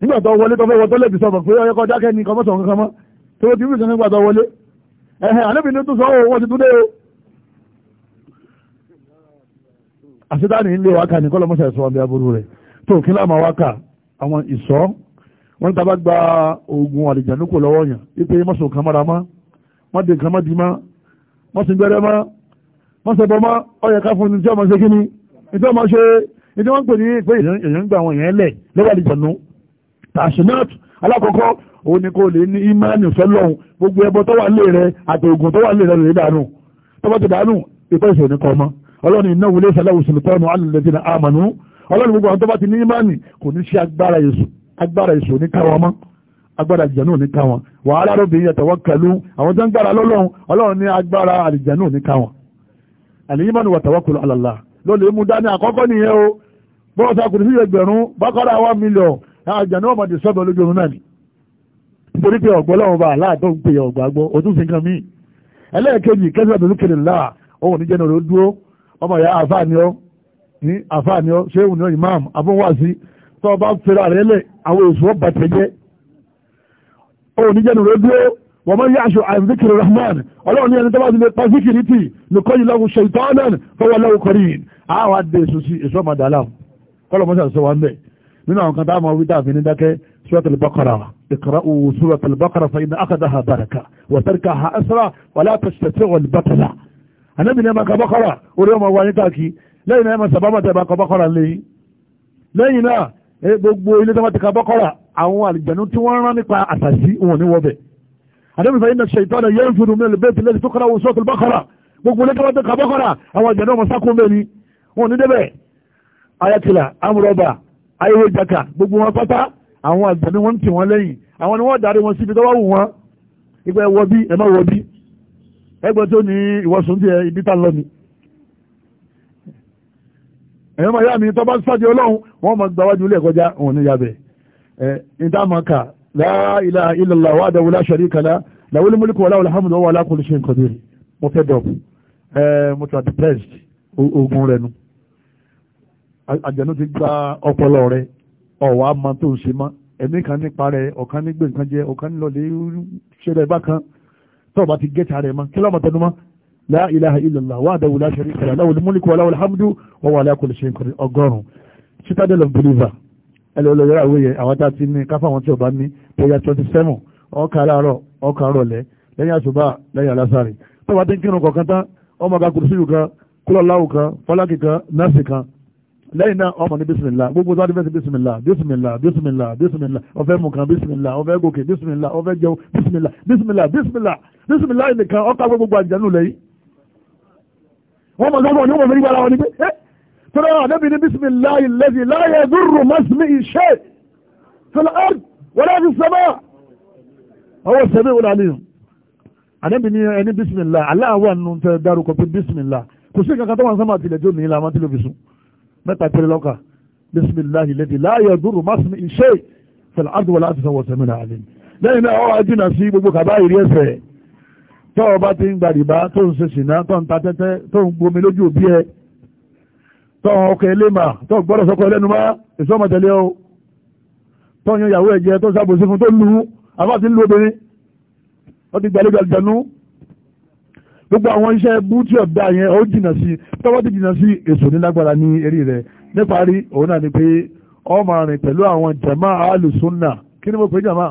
nígbà tó wọlé tó fẹ́ wọ tọ́lẹ̀ ẹ̀hẹ̀ ànábì ní tó sọ oh, wọ́n ti tún dé o àṣetáni ilé wákà ní kọ́lọ́mọ́sẹ̀ sọ wọn bí aburú rẹ̀ tó kí láàmà wákà àwọn ìsọ́ wọ́n tàbá gba oògùn àlìjànúkò lọ́wọ́ yàn wípé mọ́sùn kan mọ́ra mọ́ mọ́ dé nǹkan mọ́ di mọ́ mọ́sùn gbẹ́rẹ́ mọ́ mọ́sùn bọ́ mọ́ ọyẹ ká fún ní ọmọ ṣe kí ni ní ọmọ ṣe ní wọ́n pè ní pé èèyàn gba àwọn èèyàn lẹ̀ lọ́wọ́ àlìjànú tàṣínàt alákọ̀ọ́kọ́ ó ní kó lè ní ìmánì sọ́lọ́hun gbogbo ẹbọ tó wà lé rẹ àti ògùn tó wà lé rẹ lè dànù tó bá ti dànù ìpèsè ní kọ́ mọ́ ọlọ́run iná wulẹ̀ sàlẹ́wò sùlùtọ́nù alẹ́dẹ́ ní àmànú ọlọ́run gbogbo àwọn tó bá ti ní ìmánì kò ní ṣe agbára èṣù agbára èṣù ní káwọn mọ́ agbára àlìjànú ní káwọn wàhálà rọ̀bì yàtọ̀wọ́kẹ̀lú àwọn tó ń gbára lọ́lọ́run ọlọ́run ní agbára àlìjànú ní káwọn àlìyímánu wàtàwọ́kẹ̀lú alàlá ló lè mú àkọ́kọ́ nìyẹn o bọ́ọ̀sà kùdùsí ẹgbẹ̀rún bákọ́rà one million àlìjànú ọmọdé sọ́bẹ̀ olójú náà ni nítorí pé ọ̀gbọ́n lọ́wọ́ bá aláàtọ̀ ń pè ọ̀gbà gbọ́ òtún sí nǹkan míì ẹlẹ́ẹ̀kejì kẹsàn tó lókèrè ńlá òun ní jẹ́nu ló dúró ọmọ ìyá àfáàníọ́ ní àfáàníọ́ ṣéhùn ní imam abúwàsí tó bá fẹ́ra rẹ̀ lẹ̀ àwọn èso ọba tẹ̀jẹ́ òun ní jẹ́nu ló dúró wọ́n mọ̀ yá aṣọ àìsíkiri rahman ọlọ́run ní ẹni tó bá ti lè pa síkiri tì lùkọ́ yìí lọ́wọ́ ṣèitọ́nàn fọwọ́ lọ́wọ́ kọrin àwọn adé èso sí èso ọmọdàlá kọ́lọ́mọ́sà sọ wa ń bẹ̀ nínú àwọn kan tá a mọ̀ fi ní dákẹ́ سورة البقرة اقرأوا سورة البقرة فإن أخذها بركة وتركها أسرى ولا تستطيع البطلة النبي نعم بقرة واليوم هو يتاكي لين نعم سبابة تبقى بقرة لي لين gbogbo ilé tó wá ti ka bọ́kọ́rà àwọn àlìjẹ̀nú tí wọ́n rán nípa àtàsí òun ní wọ́bẹ̀. àdébìfà yìí na ṣètọ́nà yẹn fi rúmi lè fi lẹ́sí tó kọ́ra oṣù tó bọ́kọ́rà gbogbo ilé tó wá ti ka bọ́kọ́rà àwọn àlìjẹ̀nú ọmọ sákún mẹ́rin wọn ní débẹ̀ ayatollah amúrọ̀bà ayéwéjaka gbogbo wọn pátá àwọn àgbà ni wọ́n ń tì wọ́n lẹ́yìn àwọn ni wọ́n darí wọn síbi tó wá wù wọ́n ìgbà ẹwọ bí ẹ má wọ bí ẹgbẹ́ tó ní ìwọ̀sùn díẹ̀ ibi tá lọ ni. ẹ̀yọ́ màá yá mi tó bá sáde ọlọ́run wọ́n máa gbà wájú ilé ẹ̀kọ́já òun ní yabẹ̀ ẹ̀ ìdámàkà la ilaha illallah wahdahu la sharika lah lahul mulku wa lahul hamdu wa huwa ala kulli shay'in qadir mo fẹ́ dọ̀ ẹ̀ ọ̀wà máa tó ń ṣe mọ́ ẹ̀mí kan nípa rẹ̀ ọ̀kan nígbè nǹkan jẹ ọ̀kan nílọ̀lẹ́ ṣẹlẹ̀ bákan tó bá ti gẹ́ta rẹ̀ mọ́ kí lọ́mọ tẹnu mọ́ la ilaha illallah wahdahu la sharika lahu lahul mulku wa lahul hamdu wa huwa ala kulli shay'in qadir ọgọ́rùn-ún citadel of believer ẹlẹ́ọlọ́yọ́rọ́ àwọn èèyàn àwọn tá a ti ní káfà wọn tí ò bá ní pẹ̀yà twenty seven ọkà láàárọ̀ ọkà rọ̀lẹ́ lẹ́yìn àṣùbà lẹ́yìn alásàrè tó bá ti ń kírun kọ̀ọ̀kan tán ọmọ ọ̀gá kùrùsíyù kan kúlọ̀láwù kan fọlákì kan nọ́ọ̀sì kan lẹ́yìn náà ọmọ ní bísímìlá gbogbo tó adífẹ́sì bísímìlá bísímìlá bísímìlá bísímìlá ọ̀fẹ́ mùkàn bísímìlá ọ̀fẹ́ gòkè bísímìlá ọ̀fẹ́ jẹun bísímìlá bísímìlá bísímìlá bísímìlá nìkan ọkà gbogbo àjẹnù lẹ́yìn. wọ́n mọ̀ sọ́kọ̀ ní wọ́n fi gbára wọn ni pé ẹ́ eh, tọ́lá àdébí ní bísímìlá ìlẹ́sìn láyé dúró mọ́símì ìṣe tọ́lá ẹ̀ wọlé ti sọ́mọ́ ọwọ́ sẹ́mi wọlé àlẹ́ yìí àdébí ní ẹni bísímìlá aláwọ̀ nù tẹ dárúkọ pé bísímìlá kò sí kankan tó wà sọ́mọ́ àtìlẹ́jọ́ mẹ́ta péré lọ́kà bisimilahi lẹ́dí láàyè dúró má sinmi iṣẹ́ fẹ̀lẹ́ àdúgbò láti sanwó sẹ́mi náà lẹ́yìn lẹ́yìn náà ọwọ́ ajínà sí gbogbo kàbá ìrí ẹsẹ̀ tó o bá ti ń gbàdìbá tó ń ṣe ṣìnà tó ń ta tẹ́tẹ́ tó ń gbomi lójú òbí ẹ tó ń ọkọ̀ ẹlẹ́mà tó gbọ́dọ̀ sọ́kọ̀ ẹlẹ́nu má èso ọmọ tẹ̀lé o tó yan ìyàwó ẹ̀jẹ̀ tó ń sábòsí fún tó ń lu àbá ti ń lu obìnrin ó ti gbàlejò gbogbo àwọn iṣẹ́ bú tí ọ̀dá yẹn ó jìnà sí tọ́wọ́ ti jìnà sí èso nílágbára ní eré rẹ̀ níparí òun náà ni pé ọmọ rìn pẹ̀lú àwọn jàmá alùsùnà kí ni mo pè jàmá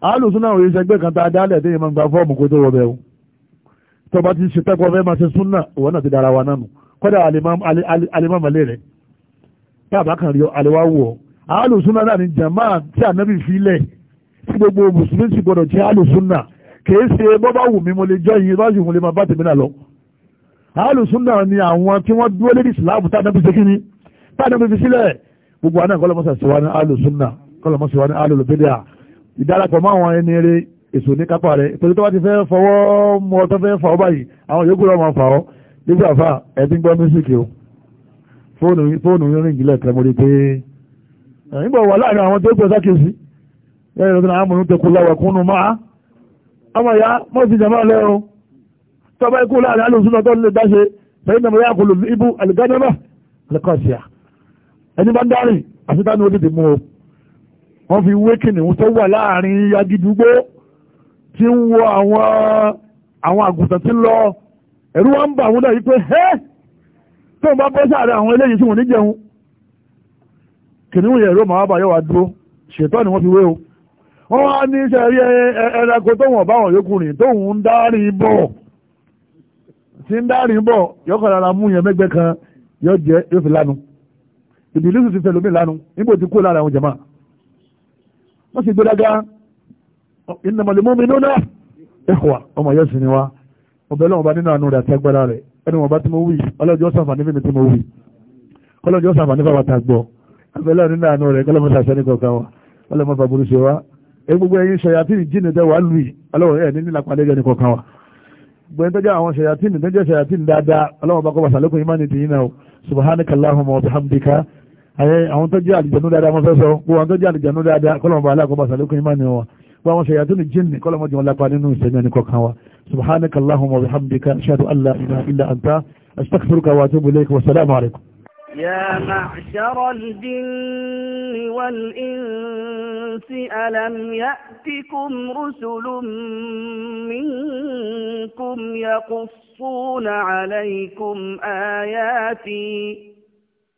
alùsùnà òye ṣẹgbẹ́ kan tá a dálẹ̀ déyìn máa ń gba fọ́ọ̀mù kó tó wọbẹ̀ o tó bá ti ṣe tẹ́kọ̀ọ́ fẹ́ máa ṣe súnà òun náà ti dára wa nánu kọ́dà alimọ́mọlé rẹ̀ tá a bá kàn rí àlewá wù ọ́ alùsùnà náà ni jàmá tí ànábì fi lẹ̀ tí gbogbo mùsùlùmí sì gbọdọ̀ jẹ́ alùsùnà kìí ṣe bó bá wù mí mo lè jọyìn bá yìí mo lè máa bá tèmi náà lọ alùsùn náà ni àwọn tí wọ́n dúró lédi ìsìláàmù tá àdàbí sekí ni tá àdàbí fi sílẹ̀ gbogbo àná kọlọmọsà sí wa ní alùsùn náà kọlọmọsà sí wa ní alùlùbẹ́dẹ́à ìdárapọ̀ mọ́ àwọn ẹni eré èso ní kápá rẹ̀ pẹ̀lú tó bá ti fẹ́ fọwọ́ mọ́ tó fẹ́ fà ọ́ báyìí àwọn yòókù rẹ̀ máa fà ọ́ nígbà àfà ẹbí ń gbọ́ mísíkì o fóònù rírìn ìjìnlẹ̀ kan mo rí pé nígbà wà láàrin àwọn tó gbọ́ ọmọ ìyá mọ́sí jama lẹ́rọ tọba ikú láàrin alùsùnà tó lè dáṣe fẹ́yìn náà yà kùlù ibú alìgánẹ́mà lẹ́kọ̀ọ́síà ẹni bá ń dárìn àti tánú ó mú o wọ́n fi wé kìnìún tó wà láàrin agidugbo tí ń wo àwọn àgùntàn tí ń lọ ẹ̀rú wa ń bà wọ́n dàbí pé ẹ́ tó ń bá bọ́ sáré àwọn eléyìí tí wọ́n ní jẹun kìnìún yẹn ẹ̀rọ màá bá dúró ṣètọ́ ni wọ́n fi wé o wọ́n wá ní sẹ́rí ẹranko tóun ọ̀báwọn yókùnrin tóun ń dárí bọ̀ tí ń dárí bọ̀ yọkọ̀ rárá mú yẹn mẹ́gbẹ́ kan yọ jẹ́ yóò fi lánu ìbílísù ti fẹ́ lómi lánu nígbò tí kú lára àwọn jàmá wọ́n sì gbéraga innamal mu'minuna ikhwa ọmọ yẹn sì ni wá ọbẹ̀ lọ́wọ́ bá nínú àánú rẹ̀ àti agbára rẹ̀ ẹni wọ́n bá tí mo wí ọlọ́jọ́ sàǹfààní fèmí tí mo wí ọlọ́jọ́ sàǹfààní fàbàtà gbọ́ ọbẹ̀ lọ́wọ́ nínú àánú rẹ̀ kọ́lọ́mọ́sàsẹ́ ní kọ̀ọ̀kan wa ọlọ́mọ́ fàbúrú ṣe wá gbogbo ẹ̀yin ṣayàtìnì jíni tẹ́ wà lùí ọlọ́run ẹ̀ ní nílà pàdéjọ ní kọ̀ọ̀kan wa gbogbo tọ́jú àwọn ṣayàtìnì tọ́jú ṣayàtìnì dáadáa ọlọ́run bá kọ́ba sàlékún yìí má ní tìyín náà subhanaka allahumma wa bihamdika ayé àwọn tọ́jú àlìjẹ̀nú dáadáa mo fẹ́ sọ gbogbo àwọn tọ́jú àlìjẹ̀nú dáadáa kọ́lọ́run bá aláàkọ́ba sàlékún yìí má ní wọn gbogbo àwọn ṣayàtìnì jíni kọ́lọ́run jẹun lápá nínú ìṣẹ́yìn ní kọ̀ọ̀kan wa subhanaka allahumma wa bihamdika ashhadu يا معشر الجن والإنس ألم يأتكم رسل منكم يقصون عليكم آياتي